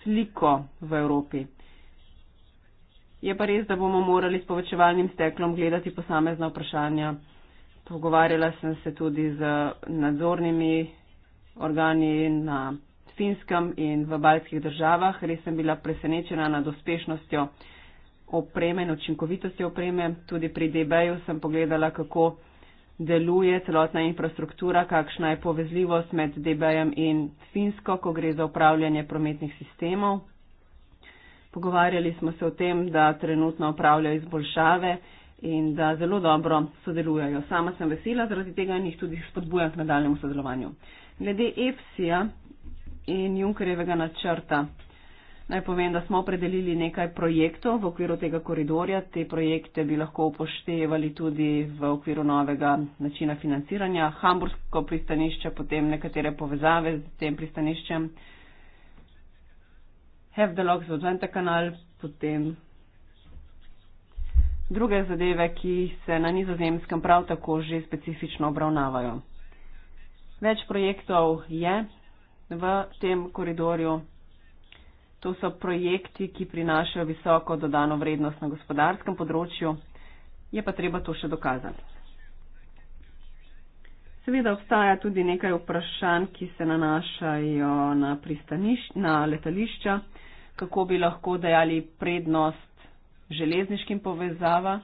sliko v Evropi. Je pa res, da bomo morali s povečevalnim steklom gledati posamezna vprašanja. Pogovarjala sem se tudi z nadzornimi organi na Finskem in v baljskih državah. Res sem bila presenečena nad uspešnostjo opreme in učinkovitosti opreme. Tudi pri DB-ju sem pogledala, kako deluje celotna infrastruktura, kakšna je povezljivost med DB-jem in Finsko, ko gre za upravljanje prometnih sistemov. Pogovarjali smo se o tem, da trenutno upravljajo izboljšave in da zelo dobro sodelujejo. Sama sem vesela zaradi tega in jih tudi spodbujam k nadaljemu sodelovanju. Glede EPSI-ja in Junkerjevega načrta Naj povem, da smo opredelili nekaj projektov v okviru tega koridorja. Te projekte bi lahko upoštevali tudi v okviru novega načina financiranja. Hamburgsko pristanišče, potem nekatere povezave z tem pristaniščem. Have the logs odven ta kanal, potem druge zadeve, ki se na nizozemskem prav tako že specifično obravnavajo. Več projektov je v tem koridorju. To so projekti, ki prinašajo visoko dodano vrednost na gospodarskem področju, je pa treba to še dokazati. Seveda obstaja tudi nekaj vprašanj, ki se nanašajo na, na letališča, kako bi lahko dajali prednost železniškim povezava,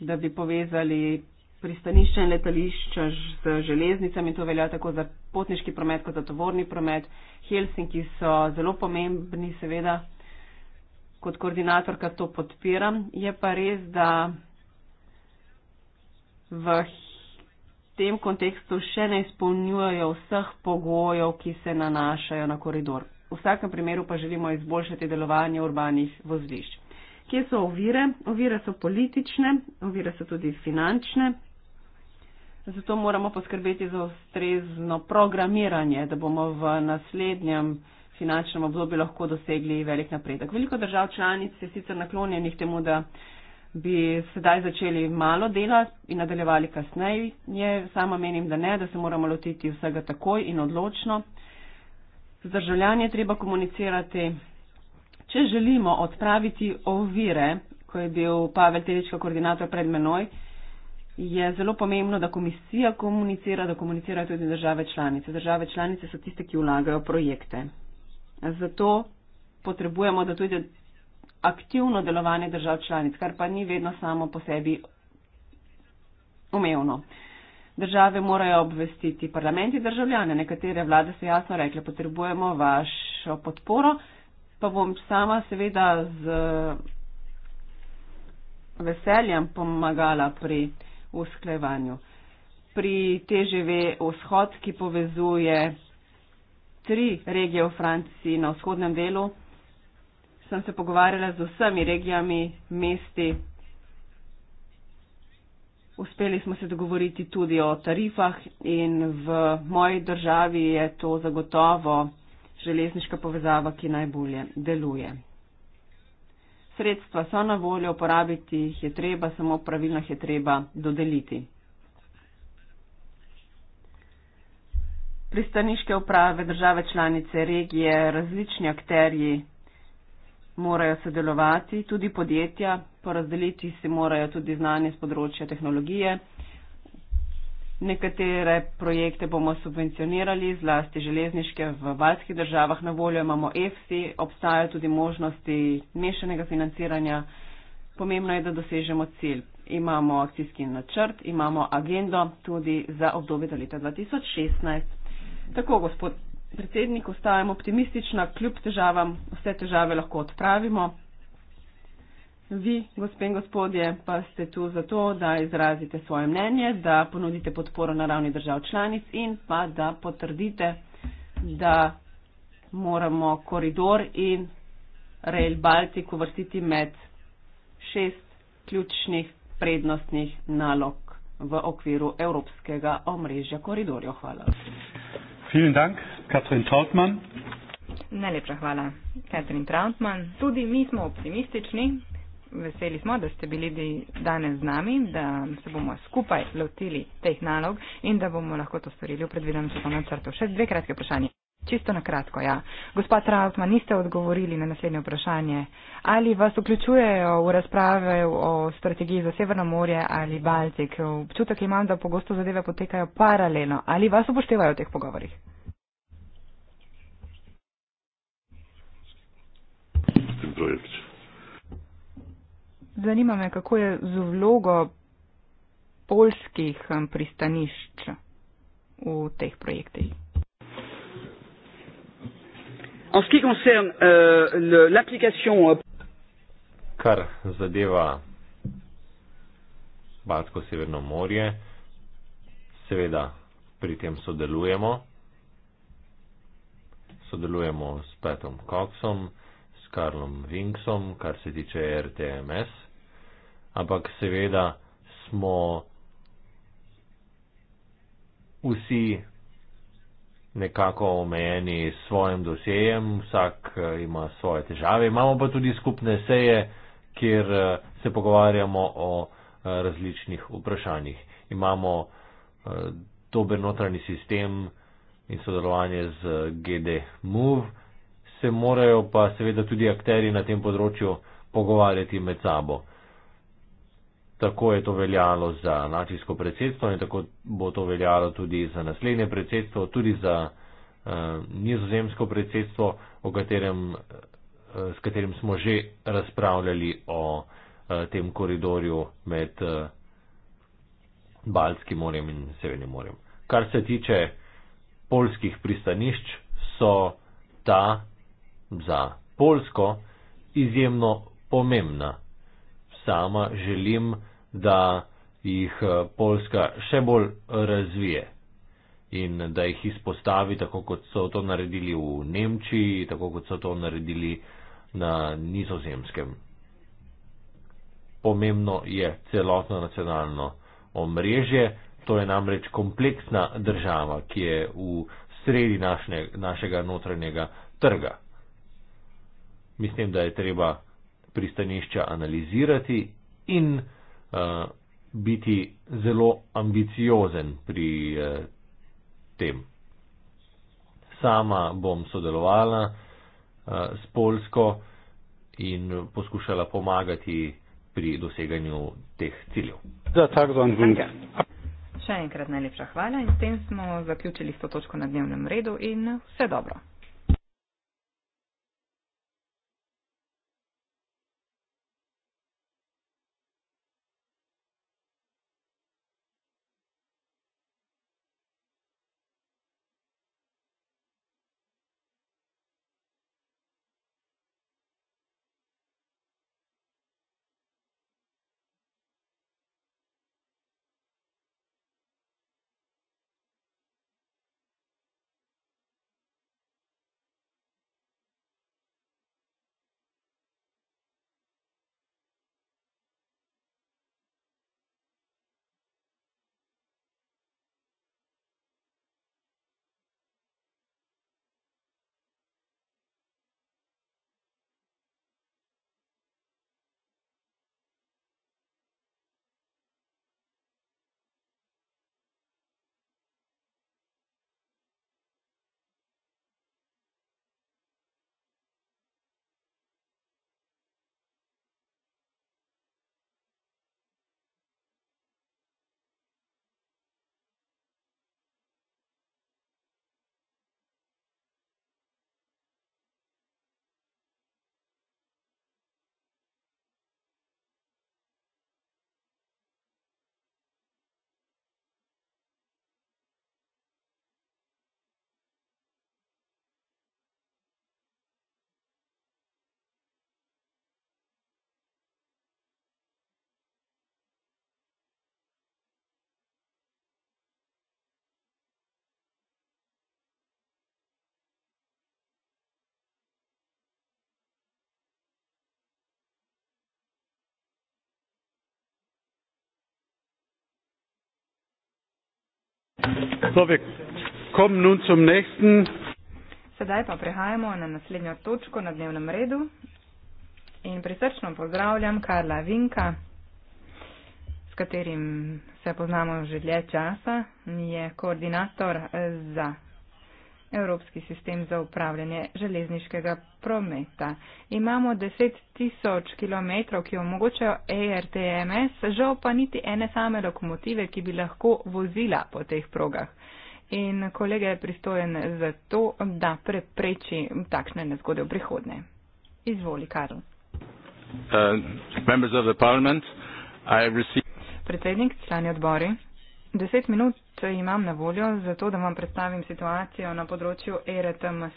da bi povezali pristanišče in letališča z železnicami, to velja tako za potniški promet kot za tovorni promet. Helsinki so zelo pomembni, seveda, kot koordinatorka to podpiram. Je pa res, da v tem kontekstu še ne izpolnjujejo vseh pogojev, ki se nanašajo na koridor. V vsakem primeru pa želimo izboljšati delovanje urbanih vozlišč. Kje so ovire? Ovire so politične, ovire so tudi finančne. Zato moramo poskrbeti za ustrezno programiranje, da bomo v naslednjem finančnem obdobju lahko dosegli velik napredek. Veliko držav članic je sicer naklonjenih temu, da bi sedaj začeli malo dela in nadaljevali kasneje. Sama menim, da ne, da se moramo lotiti vsega takoj in odločno. Z državljani je treba komunicirati, če želimo odpraviti ovire, ko je bil Pavel Telička koordinator pred menoj, je zelo pomembno, da komisija komunicira, da komunicirajo tudi države članice. Države članice so tiste, ki vlagajo projekte. Zato potrebujemo, da tudi aktivno delovanje držav članic, kar pa ni vedno samo po sebi umevno. Države morajo obvestiti parlamenti državljane, nekatere vlade so jasno rekle, potrebujemo vašo podporo, pa bom sama seveda z veseljem pomagala pri usklajevanju. Pri TGV vzhod, ki povezuje tri regije v Franciji na vzhodnem delu, sem se pogovarjala z vsemi regijami, mesti. Uspeli smo se dogovoriti tudi o tarifah in v moji državi je to zagotovo železniška povezava, ki najbolje deluje. Sredstva so na voljo, uporabiti jih je treba, samo pravilno jih je treba dodeliti. Pristaniške uprave, države članice, regije, različni akterji morajo sodelovati, tudi podjetja, porazdeliti si morajo tudi znanje z področja tehnologije. Nekatere projekte bomo subvencionirali, zlasti železniške v baljskih državah na voljo imamo EFSI, obstajajo tudi možnosti mešanega financiranja. Pomembno je, da dosežemo cilj. Imamo akcijski načrt, imamo agendo tudi za obdobje do leta 2016. Tako, gospod predsednik, ostajamo optimistična, kljub težavam, vse težave lahko odpravimo. Vi, gospe in gospodje, pa ste tu zato, da izrazite svoje mnenje, da ponudite podporo na ravni držav članic in pa da potrdite, da moramo koridor in Rail Baltic uvrstiti med šest ključnih prednostnih nalog v okviru evropskega omrežja koridorjev. Hvala. Najlepša hvala, Katrin Trautmann. Tudi mi smo optimistični veseli smo, da ste bili danes z nami, da se bomo skupaj lotili teh nalog in da bomo lahko to storili v predvidenem časovnem črtu. Še dve kratke vprašanje. Čisto na kratko, ja. Gospa Trautman, niste odgovorili na naslednje vprašanje. Ali vas vključujejo v razprave o strategiji za Severno morje ali Baltik? Občutek imam, da pogosto zadeve potekajo paralelno. Ali vas upoštevajo v teh pogovorih? Projekt. Zanima me, kako je z vlogo polskih um, pristanišč v teh projektih. Euh, euh, Kar zadeva Batsko Severno morje, seveda pri tem sodelujemo. Sodelujemo s Petom Koksom. Karlom Vinksom, kar se tiče RTMS, ampak seveda smo vsi nekako omejeni s svojim dosejem, vsak eh, ima svoje težave. Imamo pa tudi skupne seje, kjer eh, se pogovarjamo o eh, različnih vprašanjih. Imamo dober notranji sistem in sodelovanje z GD Move se morajo pa seveda tudi akteri na tem področju pogovarjati med sabo. Tako je to veljalo za načijsko predsedstvo in tako bo to veljalo tudi za naslednje predsedstvo, tudi za uh, nizozemsko predsedstvo, o katerem, uh, s katerim smo že razpravljali o uh, tem koridorju med uh, Balskim morjem in Severnim morjem. Kar se tiče polskih pristanišč, so ta za Polsko izjemno pomembna. Sama želim, da jih eh, Polska še bolj razvije in da jih izpostavi tako, kot so to naredili v Nemčiji, tako, kot so to naredili na nizozemskem. Pomembno je celotno nacionalno omrežje, to je namreč kompleksna država, ki je v sredi našne, našega notranjega trga mislim, da je treba pristanišča analizirati in uh, biti zelo ambiciozen pri uh, tem. Sama bom sodelovala uh, s Polsko in poskušala pomagati pri doseganju teh ciljev. Za tak zvonjenje. Še enkrat najlepša hvala in s tem smo zaključili s to točko na dnevnem redu in vse dobro. So, wir kommen nun zum nächsten. Sedaj pa prehajamo na naslednjo točko na dnevnem redu in prisrčno pozdravljam Karla Vinka, s katerim se poznamo že dlje časa, je koordinator za Evropski sistem za upravljanje železniškega prometa. Imamo 10 tisoč kilometrov, ki omogočajo ERTMS, žal pa niti ene same lokomotive, ki bi lahko vozila po teh progah. In kolega je pristojen za to, da prepreči takšne nezgode v prihodne. Izvoli, Karl. Uh, received... Predsednik, člani odbori. Deset minut imam na voljo za to, da vam predstavim situacijo na področju ERTMS.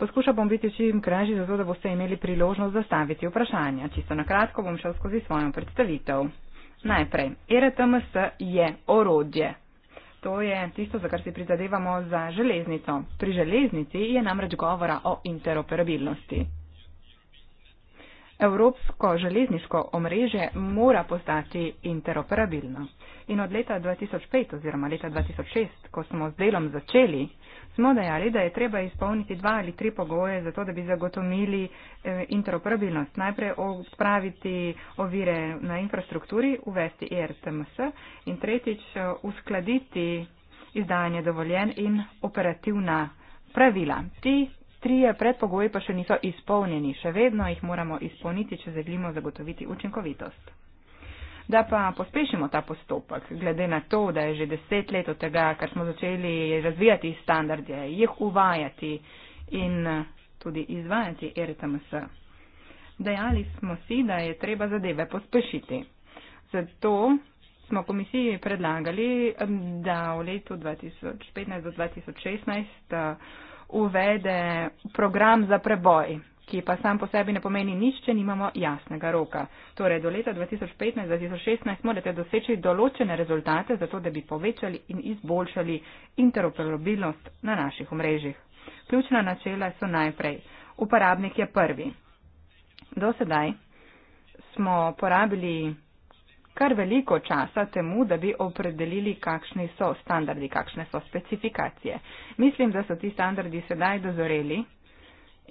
Poskušal bom biti čim krajši, zato da boste imeli priložnost zastaviti vprašanja. Čisto na kratko bom šel skozi svojo predstavitev. Najprej, e RTMS je orodje. To je tisto, za kar si prizadevamo za železnico. Pri železnici je namreč govora o interoperabilnosti. Evropsko železniško omrežje mora postati interoperabilno. In od leta 2005 oziroma leta 2006, ko smo z delom začeli, smo dejali, da je treba izpolniti dva ali tri pogoje za to, da bi zagotovili eh, interoperabilnost. Najprej odpraviti ovire na infrastrukturi, uvesti ERTMS in tretjič eh, uskladiti izdajanje dovoljen in operativna pravila. Ti trije predpogoji pa še niso izpolnjeni, še vedno jih moramo izpolniti, če želimo zagotoviti učinkovitost da pa pospešimo ta postopek, glede na to, da je že deset let od tega, kar smo začeli razvijati standarde, jih uvajati in eh, tudi izvajati RTMS. Dejali smo si, da je treba zadeve pospešiti. Zato smo komisiji predlagali, eh, da v letu 2015 do 2016 eh, uvede program za preboj ki pa sam po sebi ne pomeni nič, če nimamo jasnega roka. Torej, do leta 2015-2016 morate doseči določene rezultate, zato da bi povečali in izboljšali interoperabilnost na naših omrežjih. Ključna načela so najprej. Uporabnik je prvi. Do sedaj smo porabili kar veliko časa temu, da bi opredelili, kakšni so standardi, kakšne so specifikacije. Mislim, da so ti standardi sedaj dozoreli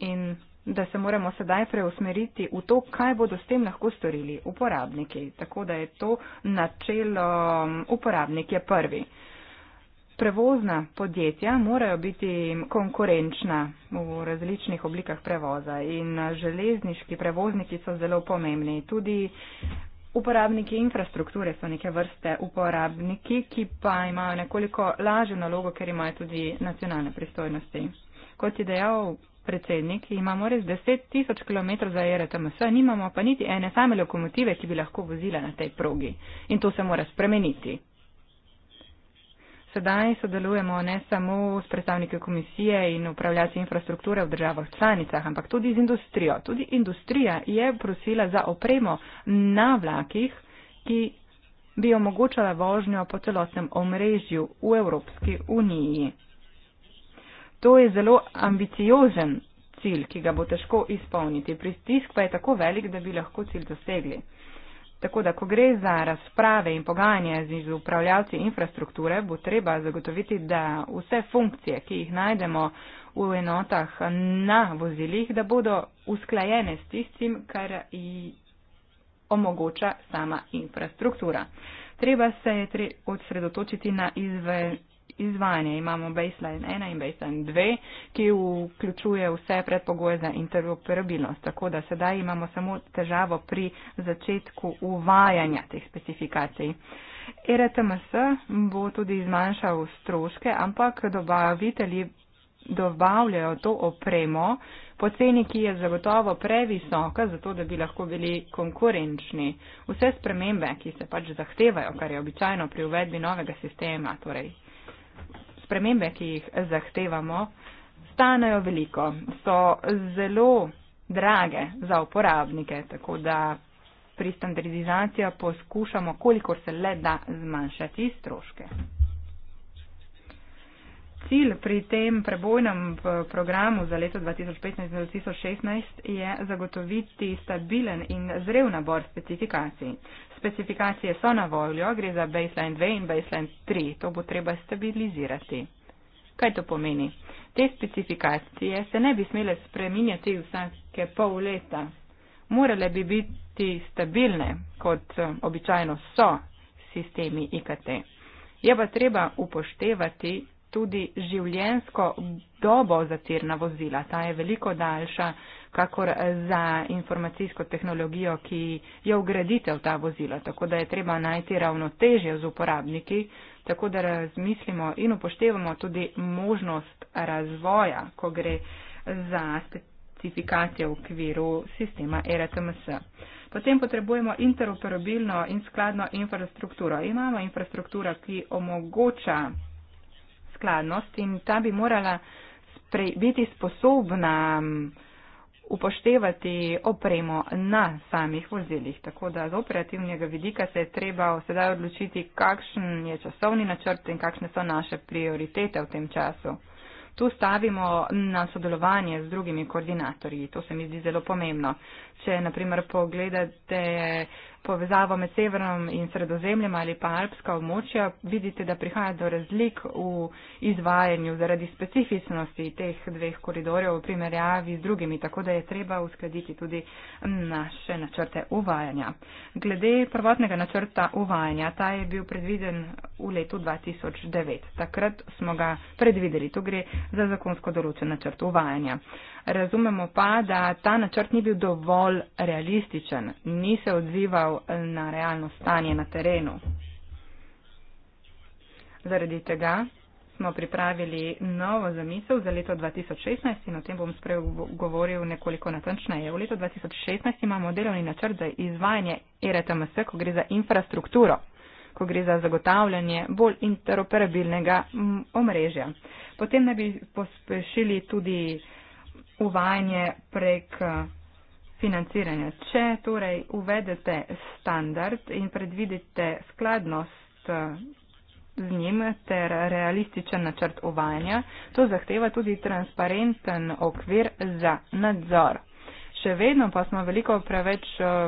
in da se moramo sedaj preusmeriti v to, kaj bodo s tem lahko storili uporabniki. Tako da je to načelo uporabnik je prvi. Prevozna podjetja morajo biti konkurenčna v različnih oblikah prevoza in železniški prevozniki so zelo pomembni. Tudi uporabniki infrastrukture so neke vrste uporabniki, ki pa imajo nekoliko lažjo nalogo, ker imajo tudi nacionalne pristojnosti. Kot je dejal predsednik, imamo res 10 tisoč km za e RTMS, nimamo pa niti ene same lokomotive, ki bi lahko vozila na tej progi. In to se mora spremeniti. Sedaj sodelujemo ne samo s predstavniki komisije in upravljalci infrastrukture v državah članicah, ampak tudi z industrijo. Tudi industrija je prosila za opremo na vlakih, ki bi omogočala vožnjo po celostnem omrežju v Evropski uniji. To je zelo ambiciozen cilj, ki ga bo težko izpolniti. Pristisk pa je tako velik, da bi lahko cilj dosegli. Tako da, ko gre za razprave in pogajanje z upravljavci infrastrukture, bo treba zagotoviti, da vse funkcije, ki jih najdemo v enotah na vozilih, da bodo usklajene s tistim, kar jih omogoča sama infrastruktura. Treba se je tre osredotočiti na izve izvajanje. Imamo baseline 1 in baseline 2, ki vključuje vse predpogoje za interoperabilnost. Tako da sedaj imamo samo težavo pri začetku uvajanja teh specifikacij. E RTMS bo tudi zmanjšal stroške, ampak dobavitelji dobavljajo to opremo po ceni, ki je zagotovo previsoka, zato da bi lahko bili konkurenčni. Vse spremembe, ki se pač zahtevajo, kar je običajno pri uvedbi novega sistema, torej spremembe, ki jih zahtevamo, stanejo veliko, so zelo drage za uporabnike, tako da pri standardizaciji poskušamo, kolikor se le da, zmanjšati stroške. Cilj pri tem prebojnem eh, programu za leto 2015-2016 je zagotoviti stabilen in zrev nabor specifikacij. Specifikacije so na voljo, gre za baseline 2 in baseline 3, to bo treba stabilizirati. Kaj to pomeni? Te specifikacije se ne bi smele spreminjati vsake pol leta. Morale bi biti stabilne, kot eh, običajno so sistemi IKT. Je pa treba upoštevati tudi življensko dobo za tirna vozila. Ta je veliko daljša, kakor za informacijsko tehnologijo, ki jo ugradite v ta vozila. Tako da je treba najti ravnotežje z uporabniki, tako da razmislimo in upoštevamo tudi možnost razvoja, ko gre za specifikacije v okviru sistema e RTMS. Potem potrebujemo interoperabilno in skladno infrastrukturo. Imamo infrastrukturo, ki omogoča skladnost in ta bi morala spre, biti sposobna upoštevati opremo na samih vozilih. Tako da z operativnega vidika se je treba sedaj odločiti, kakšen je časovni načrt in kakšne so naše prioritete v tem času. Tu stavimo na sodelovanje z drugimi koordinatorji. To se mi zdi zelo pomembno. Če, naprimer, pogledate povezavo med severom in sredozemljem ali pa alpska območja, vidite, da prihaja do razlik v izvajanju zaradi specifičnosti teh dveh koridorjev v primerjavi z drugimi, tako da je treba uskladiti tudi naše načrte uvajanja. Glede prvotnega načrta uvajanja, ta je bil predviden v letu 2009. Takrat smo ga predvideli. Tu gre za zakonsko določen načrt uvajanja razumemo pa, da ta načrt ni bil dovolj realističen, ni se odzival na realno stanje na terenu. Zaradi tega smo pripravili novo zamisel za leto 2016 in o tem bom spregovoril nekoliko natančneje. V letu 2016 imamo delovni načrt za izvajanje ERTMS, ko gre za infrastrukturo, ko gre za zagotavljanje bolj interoperabilnega omrežja. Potem naj bi pospešili tudi uh, uvajanje prek eh, financiranja. Če torej uvedete standard in predvidite skladnost eh, z njim ter realističen načrt uvajanja, to zahteva tudi transparenten okvir za nadzor. Še vedno pa smo veliko preveč eh,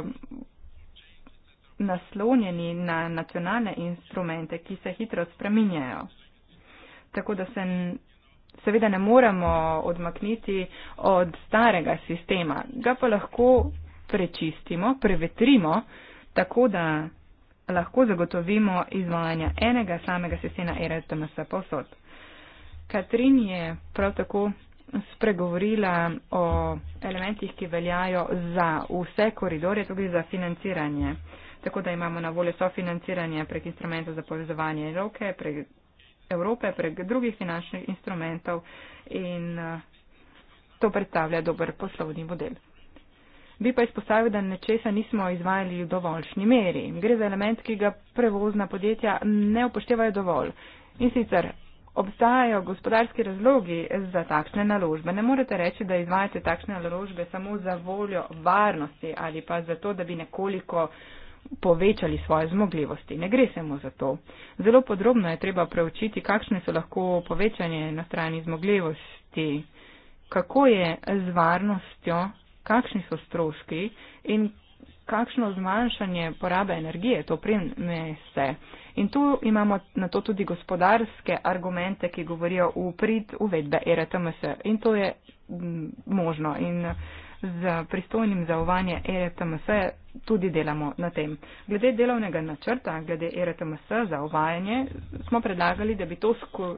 naslonjeni na nacionalne instrumente, ki se hitro spreminjajo. Tako da se seveda ne moremo odmakniti od starega sistema, ga pa lahko prečistimo, prevetrimo, tako da lahko zagotovimo izvajanje enega samega sistema e RSDMS posod. Katrin je prav tako spregovorila o elementih, ki veljajo za vse koridorje, tudi za financiranje. Tako da imamo na voljo sofinanciranje prek instrumenta za povezovanje roke, prek Evrope prek drugih finančnih instrumentov in eh, to predstavlja dober poslovni model. Bi pa izpostavil, da nečesa nismo izvajali v dovoljšni meri. Gre za element, ki ga prevozna podjetja ne upoštevajo dovolj. In sicer obstajajo gospodarski razlogi za takšne naložbe. Ne morete reči, da izvajate takšne naložbe samo za voljo varnosti ali pa zato, da bi nekoliko povečali svoje zmogljivosti. Ne gre samo za to. Zelo podrobno je treba preučiti, kakšne so lahko povečanje na strani zmogljivosti, kako je z varnostjo, kakšni so stroški in kakšno zmanjšanje porabe energije to prinese. In tu imamo na to tudi gospodarske argumente, ki govorijo v prid uvedbe ERTMS in to je mm, možno. In Z pristojnim za uvanje ERTMS tudi delamo na tem. Glede delovnega načrta, glede ERTMS za uvajanje, smo predlagali, da bi to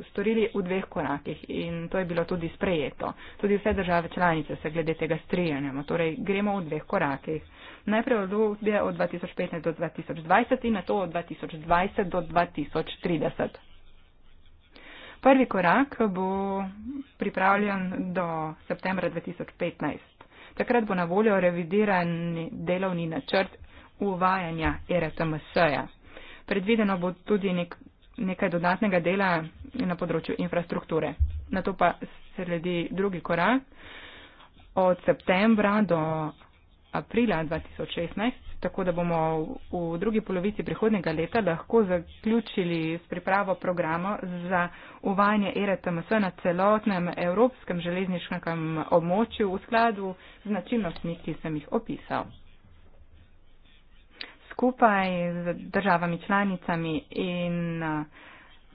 storili v dveh korakih in to je bilo tudi sprejeto. Tudi vse države članice se glede tega strijanjamo. Torej, gremo v dveh korakih. Najprej od 2015 do 2020 in na to od 2020 do 2030. Prvi korak bo pripravljen do septembra 2015. Takrat bo na voljo revidiran delovni načrt uvajanja RSMS-ja. Predvideno bo tudi nek, nekaj dodatnega dela na področju infrastrukture. Na to pa sledi drugi korak. Od septembra do aprila 2016 tako da bomo v drugi polovici prihodnega leta lahko zaključili s pripravo programa za uvajanje ERTMS na celotnem evropskem železniškem območju v skladu z načinnostmi, ki sem jih opisal. Skupaj z državami članicami in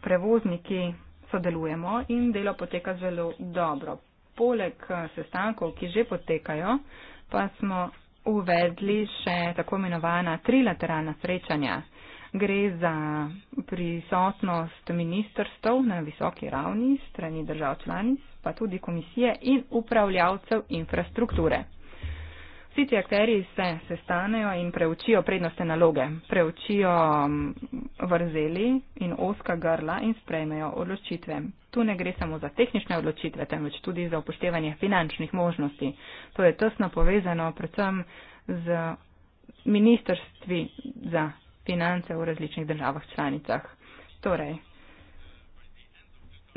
prevozniki sodelujemo in delo poteka zelo dobro. Poleg sestankov, ki že potekajo, pa smo uvedli še tako imenovana trilateralna srečanja. Gre za prisotnost ministrstv na visoki ravni strani držav članic, pa tudi komisije in upravljavcev infrastrukture. Vsi ti akteri se sestanejo in preučijo prednostne naloge, preučijo mm, vrzeli in oska grla in sprejmejo odločitve. Tu ne gre samo za tehnične odločitve, temveč tudi za upoštevanje finančnih možnosti. To je tesno povezano predvsem z ministrstvi za finance v različnih državah članicah. Torej,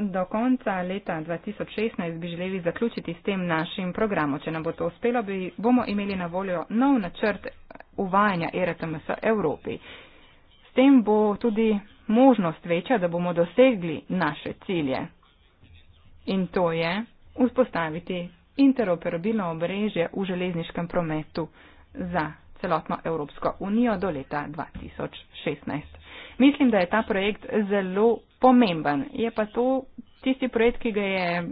do konca leta 2016 bi želeli zaključiti s tem našim programom. Če nam bo to uspelo, bi, bomo imeli na voljo nov načrt uvajanja ERTMS v Evropi. S tem bo tudi možnost večja, da bomo dosegli naše cilje. In to je vzpostaviti interoperabilno obrežje v železniškem prometu za celotno Evropsko unijo do leta 2016. Mislim, da je ta projekt zelo pomemben. Je pa to tisti projekt, ki ga je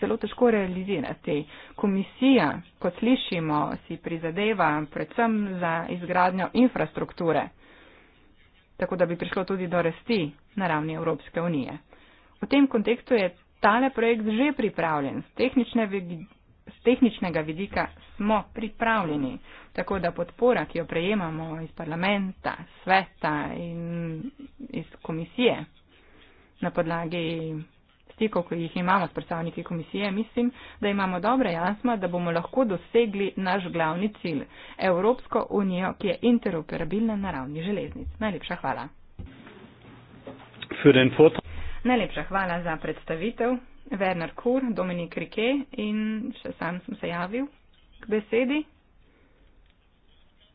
zelo težko realizirati. Komisija, kot slišimo, si prizadeva predvsem za izgradnjo infrastrukture, tako da bi prišlo tudi do rasti na ravni Evropske unije. V tem kontekstu je tale projekt že pripravljen z tehnične tehničnega vidika smo pripravljeni, tako da podpora, ki jo prejemamo iz parlamenta, sveta in iz komisije na podlagi stikov, ki jih imamo s predstavniki komisije, mislim, da imamo dobre jasma, da bomo lahko dosegli naš glavni cilj - Evropsko unijo, ki je interoperabilna na ravni železnic. Najlepša hvala. Najlepša hvala za predstavitev. Werner Kur, Dominik Rike in še sam sem se javil k besedi.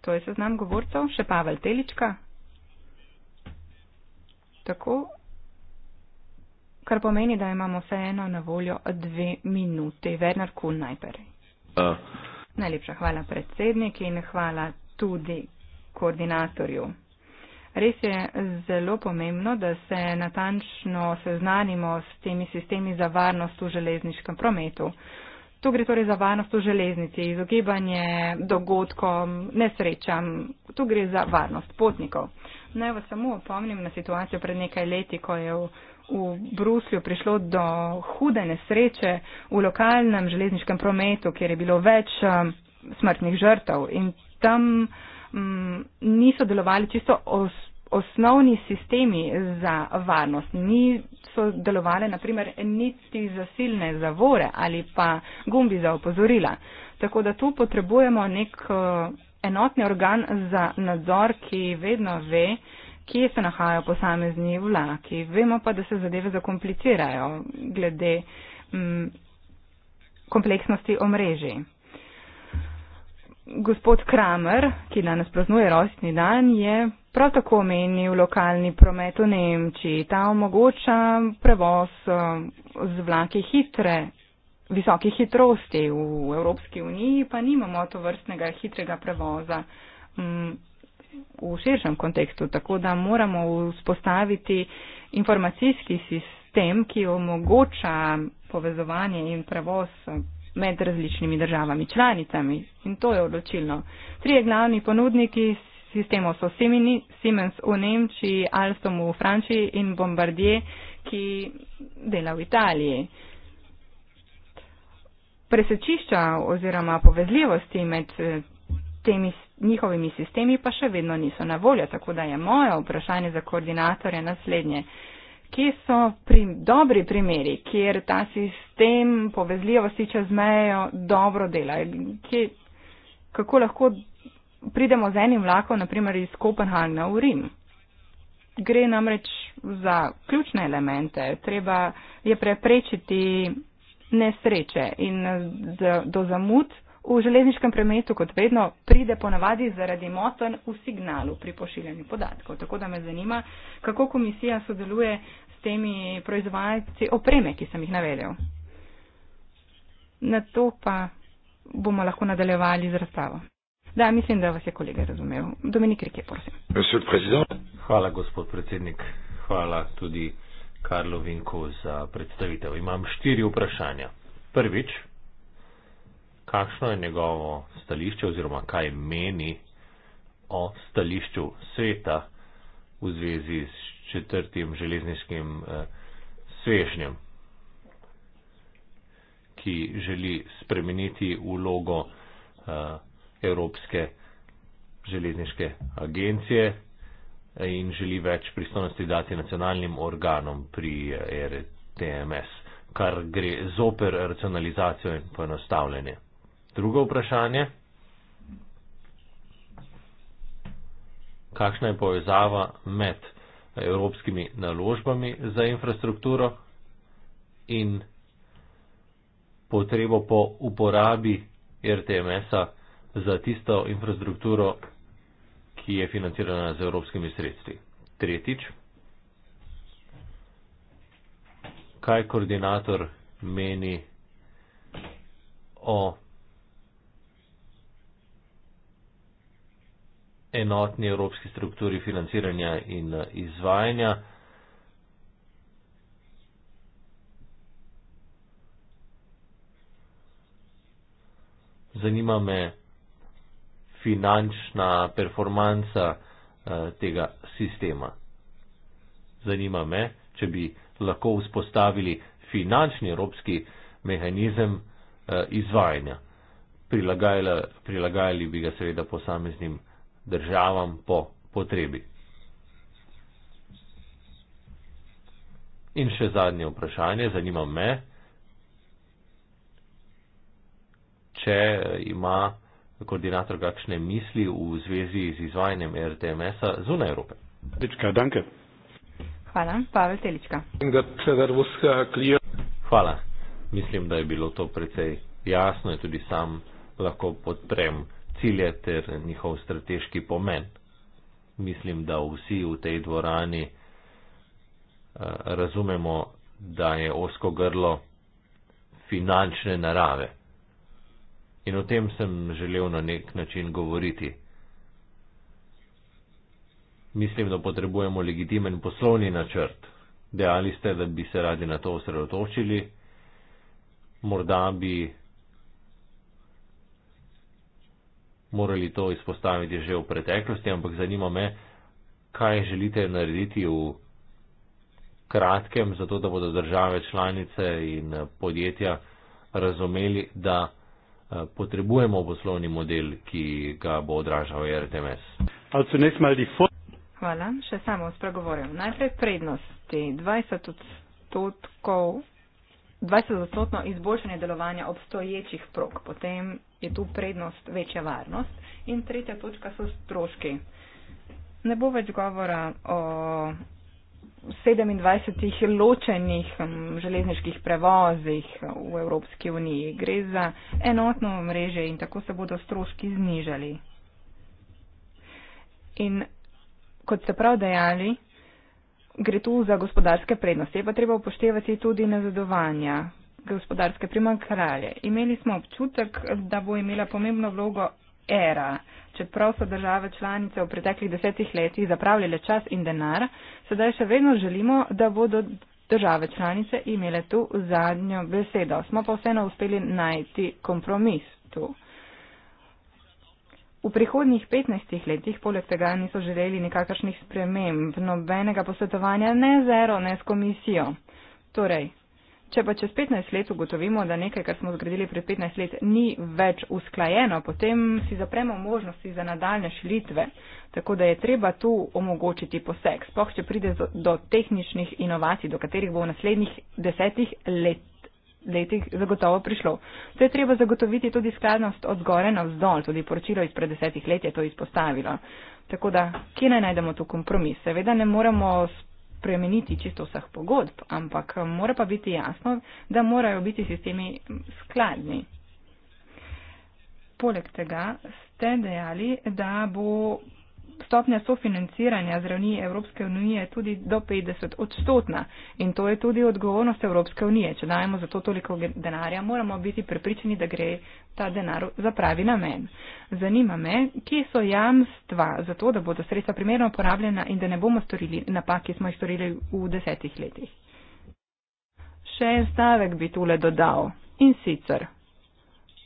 To je seznam govorcev, še Pavel Telička. Tako, kar pomeni, da imamo vseeno na voljo dve minuti. Werner Kuhn najprej. Uh. Najlepša hvala predsednik in hvala tudi koordinatorju. Res je zelo pomembno, da se natančno seznanimo s temi sistemi za varnost v železniškem prometu. Tu gre torej za varnost v železnici, izogibanje dogodkom, nesrečam, tu gre za varnost potnikov. Naj vas samo opomnim na situacijo pred nekaj leti, ko je v, v Bruslju prišlo do hude nesreče v lokalnem železniškem prometu, kjer je bilo več um, smrtnih žrtev in tam m, mm, niso delovali čisto osnovno osnovni sistemi za varnost niso delovale, naprimer, niti zasilne zavore ali pa gumbi za opozorila. Tako da tu potrebujemo nek eh, enotni organ za nadzor, ki vedno ve, kje se nahajajo posamezni vlaki. Vemo pa, da se zadeve zakomplicirajo glede mm, kompleksnosti omrežij. Gospod Kramer, ki danes praznuje rojstni dan, je Prav tako meni v lokalni promet v Nemčiji. Ta omogoča prevoz eh, z vlaki hitre, visoke hitrosti. V Evropski uniji pa nimamo to vrstnega hitrega prevoza mm, v širšem kontekstu, tako da moramo vzpostaviti informacijski sistem, ki omogoča povezovanje in prevoz med različnimi državami članicami. In to je odločilno. Trije glavni ponudniki sistemov so Siemens v Nemčiji, Alstom v Franciji in Bombardier, ki dela v Italiji. Presečišča oziroma povezljivosti med eh, temi njihovimi sistemi pa še vedno niso na voljo, tako da je moje vprašanje za koordinatorja naslednje. Kje so pri, dobri primeri, kjer ta sistem povezljivosti čez mejo dobro dela? Kje, kako lahko pridemo z enim vlakom, naprimer iz Kopenhagna v Rim. Gre namreč za ključne elemente, treba je preprečiti nesreče in do zamud v železniškem premetu, kot vedno, pride ponavadi zaradi moten v signalu pri pošiljanju podatkov. Tako da me zanima, kako komisija sodeluje s temi proizvajalci opreme, ki sem jih navedel. Na to pa bomo lahko nadaljevali z razstavo. Da, mislim, da vas je kolega razumel. Dominik Rike, prosim. Hvala, gospod predsednik. Hvala tudi Karlo Vinko za predstavitev. Imam štiri vprašanja. Prvič, kakšno je njegovo stališče oziroma kaj meni o stališču sveta v zvezi s četrtim železniškim eh, svežnjem, ki želi spremeniti vlogo eh, Evropske železniške agencije in želi več pristojnosti dati nacionalnim organom pri RTMS, kar gre zoper racionalizacijo in poenostavljanje. Drugo vprašanje. Kakšna je povezava med evropskimi naložbami za infrastrukturo in potrebo po uporabi RTMS-a za tisto infrastrukturo, ki je financirana z evropskimi sredstvi. Tretjič, kaj koordinator meni o enotni evropski strukturi financiranja in izvajanja. Zanima me, finančna performanca eh, tega sistema. Zanima me, če bi lahko vzpostavili finančni evropski mehanizem eh, izvajanja. Prilagajali, prilagajali bi ga seveda posameznim državam po potrebi. In še zadnje vprašanje, zanima me, če ima koordinator kakšne misli v zvezi z izvajanjem RTMS-a zunaj Evrope. Telička, danke. Hvala, Pavel Telička. Hvala. Mislim, da je bilo to precej jasno in tudi sam lahko podprem cilje ter njihov strateški pomen. Mislim, da vsi v tej dvorani eh, razumemo, da je osko grlo finančne narave. In o tem sem želel na nek način govoriti. Mislim, da potrebujemo legitimen poslovni načrt. Dejali ste, da bi se radi na to osredotočili. Morda bi morali to izpostaviti že v preteklosti, ampak zanima me, kaj želite narediti v kratkem, zato da bodo države članice in podjetja razumeli, da potrebujemo poslovni model, ki ga bo odražal RTMS. Hvala, še samo spregovorim. Najprej prednosti. 20 odstotkov, 20% izboljšanje delovanja obstoječih prog, potem je tu prednost večja varnost in tretja točka so stroški. Ne bo več govora o 27 ločenih mm, železniških prevozih v Evropski uniji. Gre za enotno mreže in tako se bodo stroški znižali. In kot ste prav dejali, gre tu za gospodarske prednosti. Je pa treba upoštevati tudi nazadovanja gospodarske primankralje. Imeli smo občutek, da bo imela pomembno vlogo era. Čeprav so države članice v preteklih desetih letih zapravljale čas in denar, sedaj še vedno želimo, da bodo države članice imele tu zadnjo besedo. Smo pa vseeno uspeli najti kompromis tu. V prihodnjih 15 letih poleg tega niso želeli nikakršnih sprememb, nobenega posvetovanja ne z ERO, ne s komisijo. Torej, Če pa čez 15 let ugotovimo, da nekaj, kar smo zgradili pred 15 let, ni več usklajeno, potem si zapremo možnosti za nadaljne šlitve. Tako da je treba tu omogočiti poseg, spoh če pride do tehničnih inovacij, do katerih bo v naslednjih desetih let, letih zagotovo prišlo. Se je treba zagotoviti tudi skladnost od zgore na vzdolj, tudi poročilo iz pred desetih let je to izpostavilo. Tako da, kje naj najdemo tu kompromis? Seveda ne moremo spoštovati spremeniti čisto vseh pogodb, ampak eh, mora pa biti jasno, da morajo biti sistemi mm, skladni. Poleg tega ste dejali, da bo stopnja sofinanciranja zravni Evropske unije tudi do 50 odstotna in to je tudi odgovornost Evropske unije. Če dajemo za to toliko denarja, moramo biti prepričani, da gre ta denar za pravi namen. Zanima me, kje so jamstva za to, da bodo sredstva primerno uporabljena in da ne bomo storili napak, ki smo jih storili v desetih letih. Še en stavek bi tole dodal in sicer.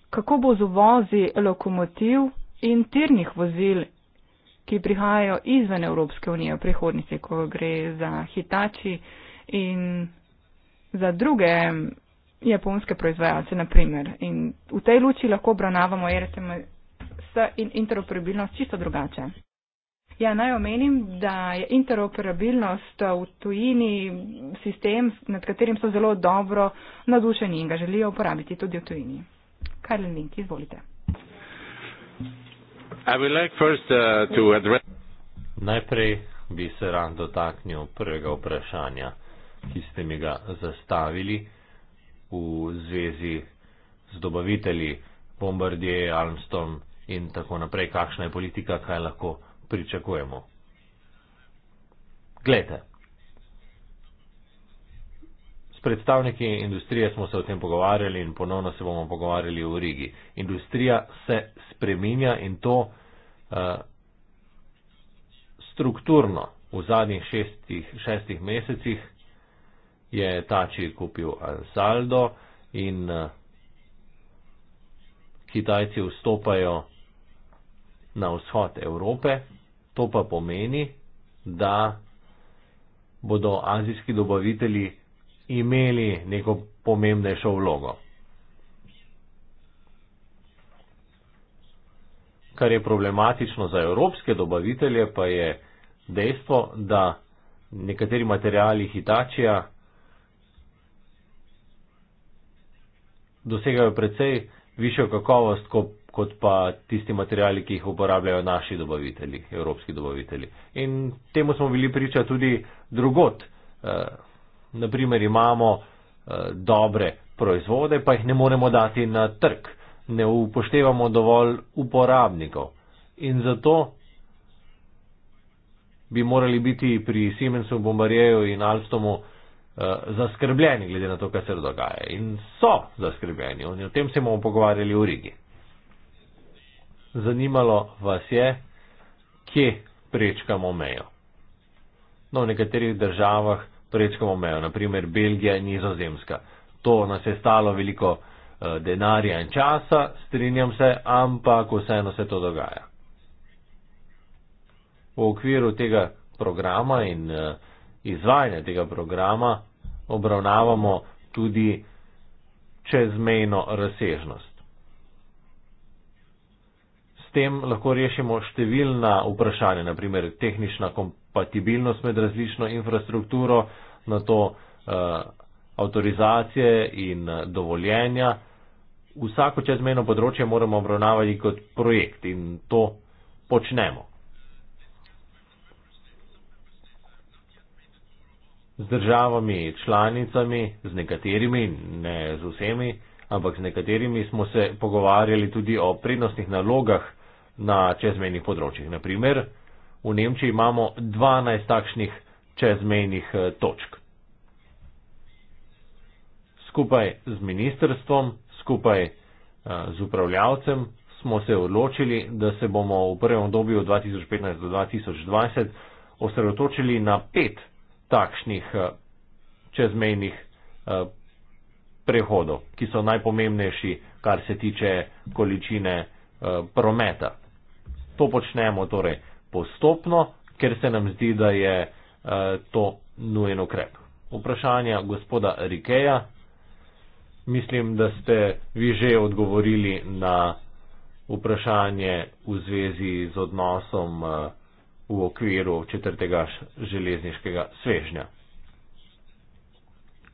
Kako bo z uvozi lokomotiv in tirnih vozil ki prihajajo izven Evropske unije v prihodnosti, ko gre za hitači in za druge japonske proizvajalce, naprimer. In v tej luči lahko obravnavamo RSMS in interoperabilnost čisto drugače. Ja, naj omenim, da je interoperabilnost v tujini sistem, nad katerim so zelo dobro nadušeni in ga želijo uporabiti tudi v tujini. Karl Link, izvolite. Uh, Najprej bi se rad dotaknil prvega vprašanja, ki ste mi ga zastavili v zvezi z dobavitelji Bombardier, Armstrong in tako naprej. Kakšna je politika, kaj lahko pričakujemo? Glede predstavniki industrije smo se o tem pogovarjali in ponovno se bomo pogovarjali v Rigi. Industrija se spreminja in to uh, strukturno. V zadnjih šestih, šestih mesecih je Tači kupil Ansaldo in uh, Kitajci vstopajo na vzhod Evrope. To pa pomeni, da bodo azijski dobavitelji imeli neko pomembnejšo vlogo. Kar je problematično za evropske dobavitelje, pa je dejstvo, da nekateri materijali Hitačija dosegajo precej višjo kakovost kot pa tisti materijali, ki jih uporabljajo naši dobavitelji, evropski dobavitelji. In temu smo bili priča tudi drugot. Uh, Naprimer imamo eh, dobre proizvode, pa jih ne moremo dati na trg, ne upoštevamo dovolj uporabnikov. In zato bi morali biti pri Siemensu, Bombarjeju in Alstomu eh, zaskrbljeni, glede na to, kaj se dogaja. In so zaskrbljeni. In o tem se bomo pogovarjali v Rigi. Zanimalo vas je, kje prečkamo mejo. No, v nekaterih državah prečkamo mejo, naprimer Belgija in Nizozemska. To nas je stalo veliko eh, denarja in časa, strinjam se, ampak vseeno se to dogaja. V okviru tega programa in eh, izvajanja tega programa obravnavamo tudi čezmejno razsežnost. S tem lahko rešimo številna vprašanja, naprimer tehnična kompatibilnost med različno infrastrukturo, na to uh, avtorizacije in eh, dovoljenja. Vsako čezmejno področje moramo obravnavati kot projekt in to počnemo. Z državami članicami, z nekaterimi, ne z vsemi, ampak z nekaterimi smo se pogovarjali tudi o prednostnih nalogah na čezmejnih področjih. Naprimer, v Nemčiji imamo 12 takšnih čezmejnih eh, točk. Skupaj z ministrstvom, skupaj eh, z upravljavcem smo se odločili, da se bomo v prvem obdobju 2015 do 2020 osredotočili na pet takšnih eh, čezmejnih prehodov, ki so najpomembnejši, kar se tiče količine prometa. To počnemo torej postopno, ker se nam zdi, da je Eh, to nujen ukrep. Vprašanja gospoda Rikeja. Mislim, da ste vi že odgovorili na vprašanje v zvezi z odnosom eh, v okviru četrtega železniškega svežnja.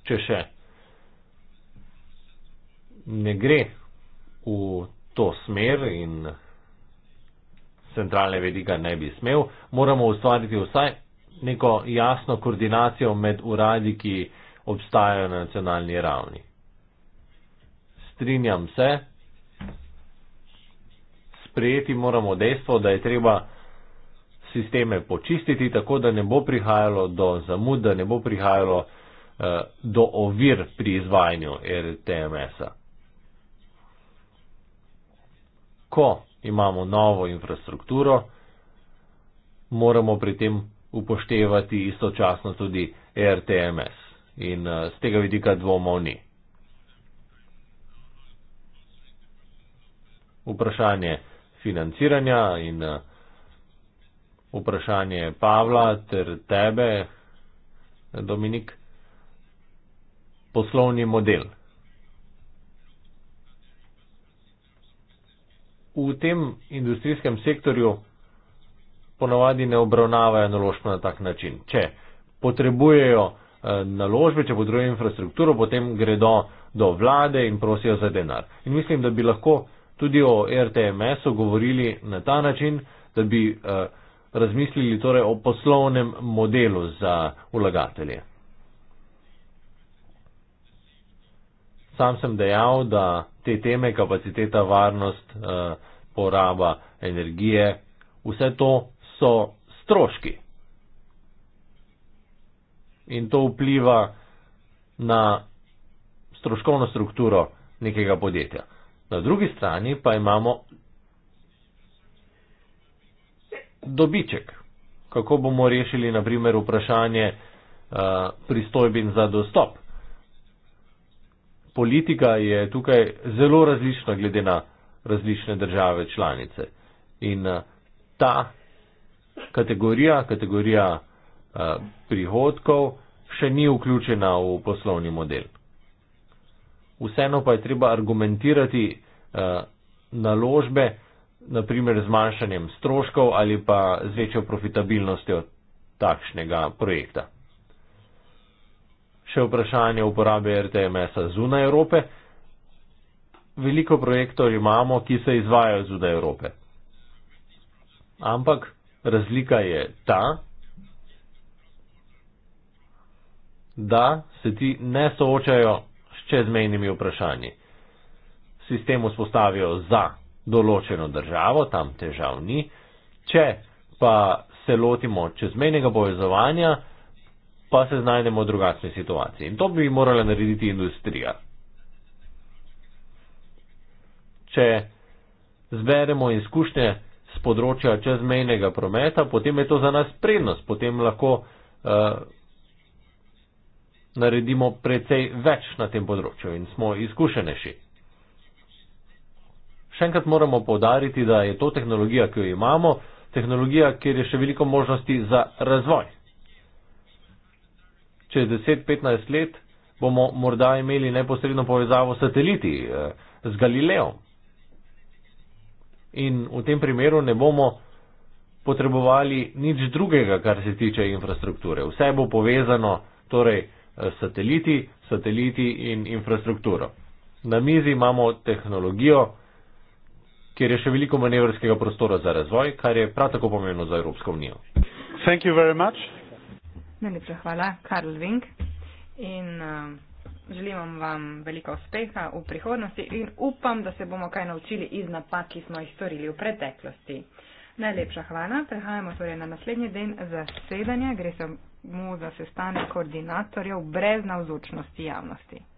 Če še ne gre v to smer in centralne vediga ne bi smel, moramo ustvariti vsaj neko jasno koordinacijo med uradi, ki obstajajo na nacionalni ravni. Strinjam se, sprejeti moramo dejstvo, da je treba sisteme počistiti tako, da ne bo prihajalo do zamud, da ne bo prihajalo eh, do ovir pri izvajanju RTMS-a. Ko imamo novo infrastrukturo, moramo pri tem upoštevati istočasno tudi RTMS in z eh, tega vidika dvomov ni. Vprašanje financiranja in eh, vprašanje Pavla ter tebe, Dominik, poslovni model. V tem industrijskem sektorju ponavadi ne obravnavajo naložb na tak način. Če potrebujejo eh, naložbe, če potrebujejo infrastrukturo, potem gredo do vlade in prosijo za denar. In mislim, da bi lahko tudi o RTMS-u govorili na ta način, da bi eh, razmislili torej o poslovnem modelu za vlagatelje. Sam sem dejal, da te teme, kapaciteta, varnost, eh, poraba energije, vse to so stroški. In to vpliva na stroškovno strukturo nekega podjetja. Na drugi strani pa imamo dobiček. Kako bomo rešili, na primer, vprašanje uh, pristojbin za dostop? Politika je tukaj zelo različna glede na različne države članice. In uh, ta kategorija, kategorija uh, prihodkov, še ni vključena v poslovni model. Vseeno pa je treba argumentirati uh, naložbe, naprimer z manjšanjem stroškov ali pa z večjo profitabilnostjo takšnega projekta. Še vprašanje uporabe RTMS-a zunaj Evrope. Veliko projektov imamo, ki se izvajajo zunaj Evrope. Ampak razlika je ta, da se ti ne soočajo s čezmejnimi vprašanji. Sistem vzpostavijo za določeno državo, tam težav ni. Če pa se lotimo čezmejnega povezovanja, pa se znajdemo v drugačni situaciji. In to bi morala narediti industrija. Če zberemo izkušnje, in z področja čezmejnega prometa, potem je to za nas prednost, potem lahko uh, naredimo precej več na tem področju in smo izkušenejši. Še enkrat moramo povdariti, da je to tehnologija, ki jo imamo, tehnologija, kjer je še veliko možnosti za razvoj. Čez 10-15 let bomo morda imeli neposredno povezavo s sateliti, eh, z Galileom, in v tem primeru ne bomo potrebovali nič drugega, kar se tiče infrastrukture. Vse bo povezano torej eh, sateliti, sateliti in infrastrukturo. Na mizi imamo tehnologijo, kjer je še veliko manevrskega prostora za razvoj, kar je prav tako pomembno za Evropsko unijo. Najlepša hvala, Karl Vink. In, uh... Želim vam veliko uspeha v prihodnosti in upam, da se bomo kaj naučili iz napak, ki smo jih storili v preteklosti. Najlepša hvala. Prehajamo torej na naslednji dan zasedanja. Gre se mu za sestanek koordinatorjev brez navzočnosti javnosti.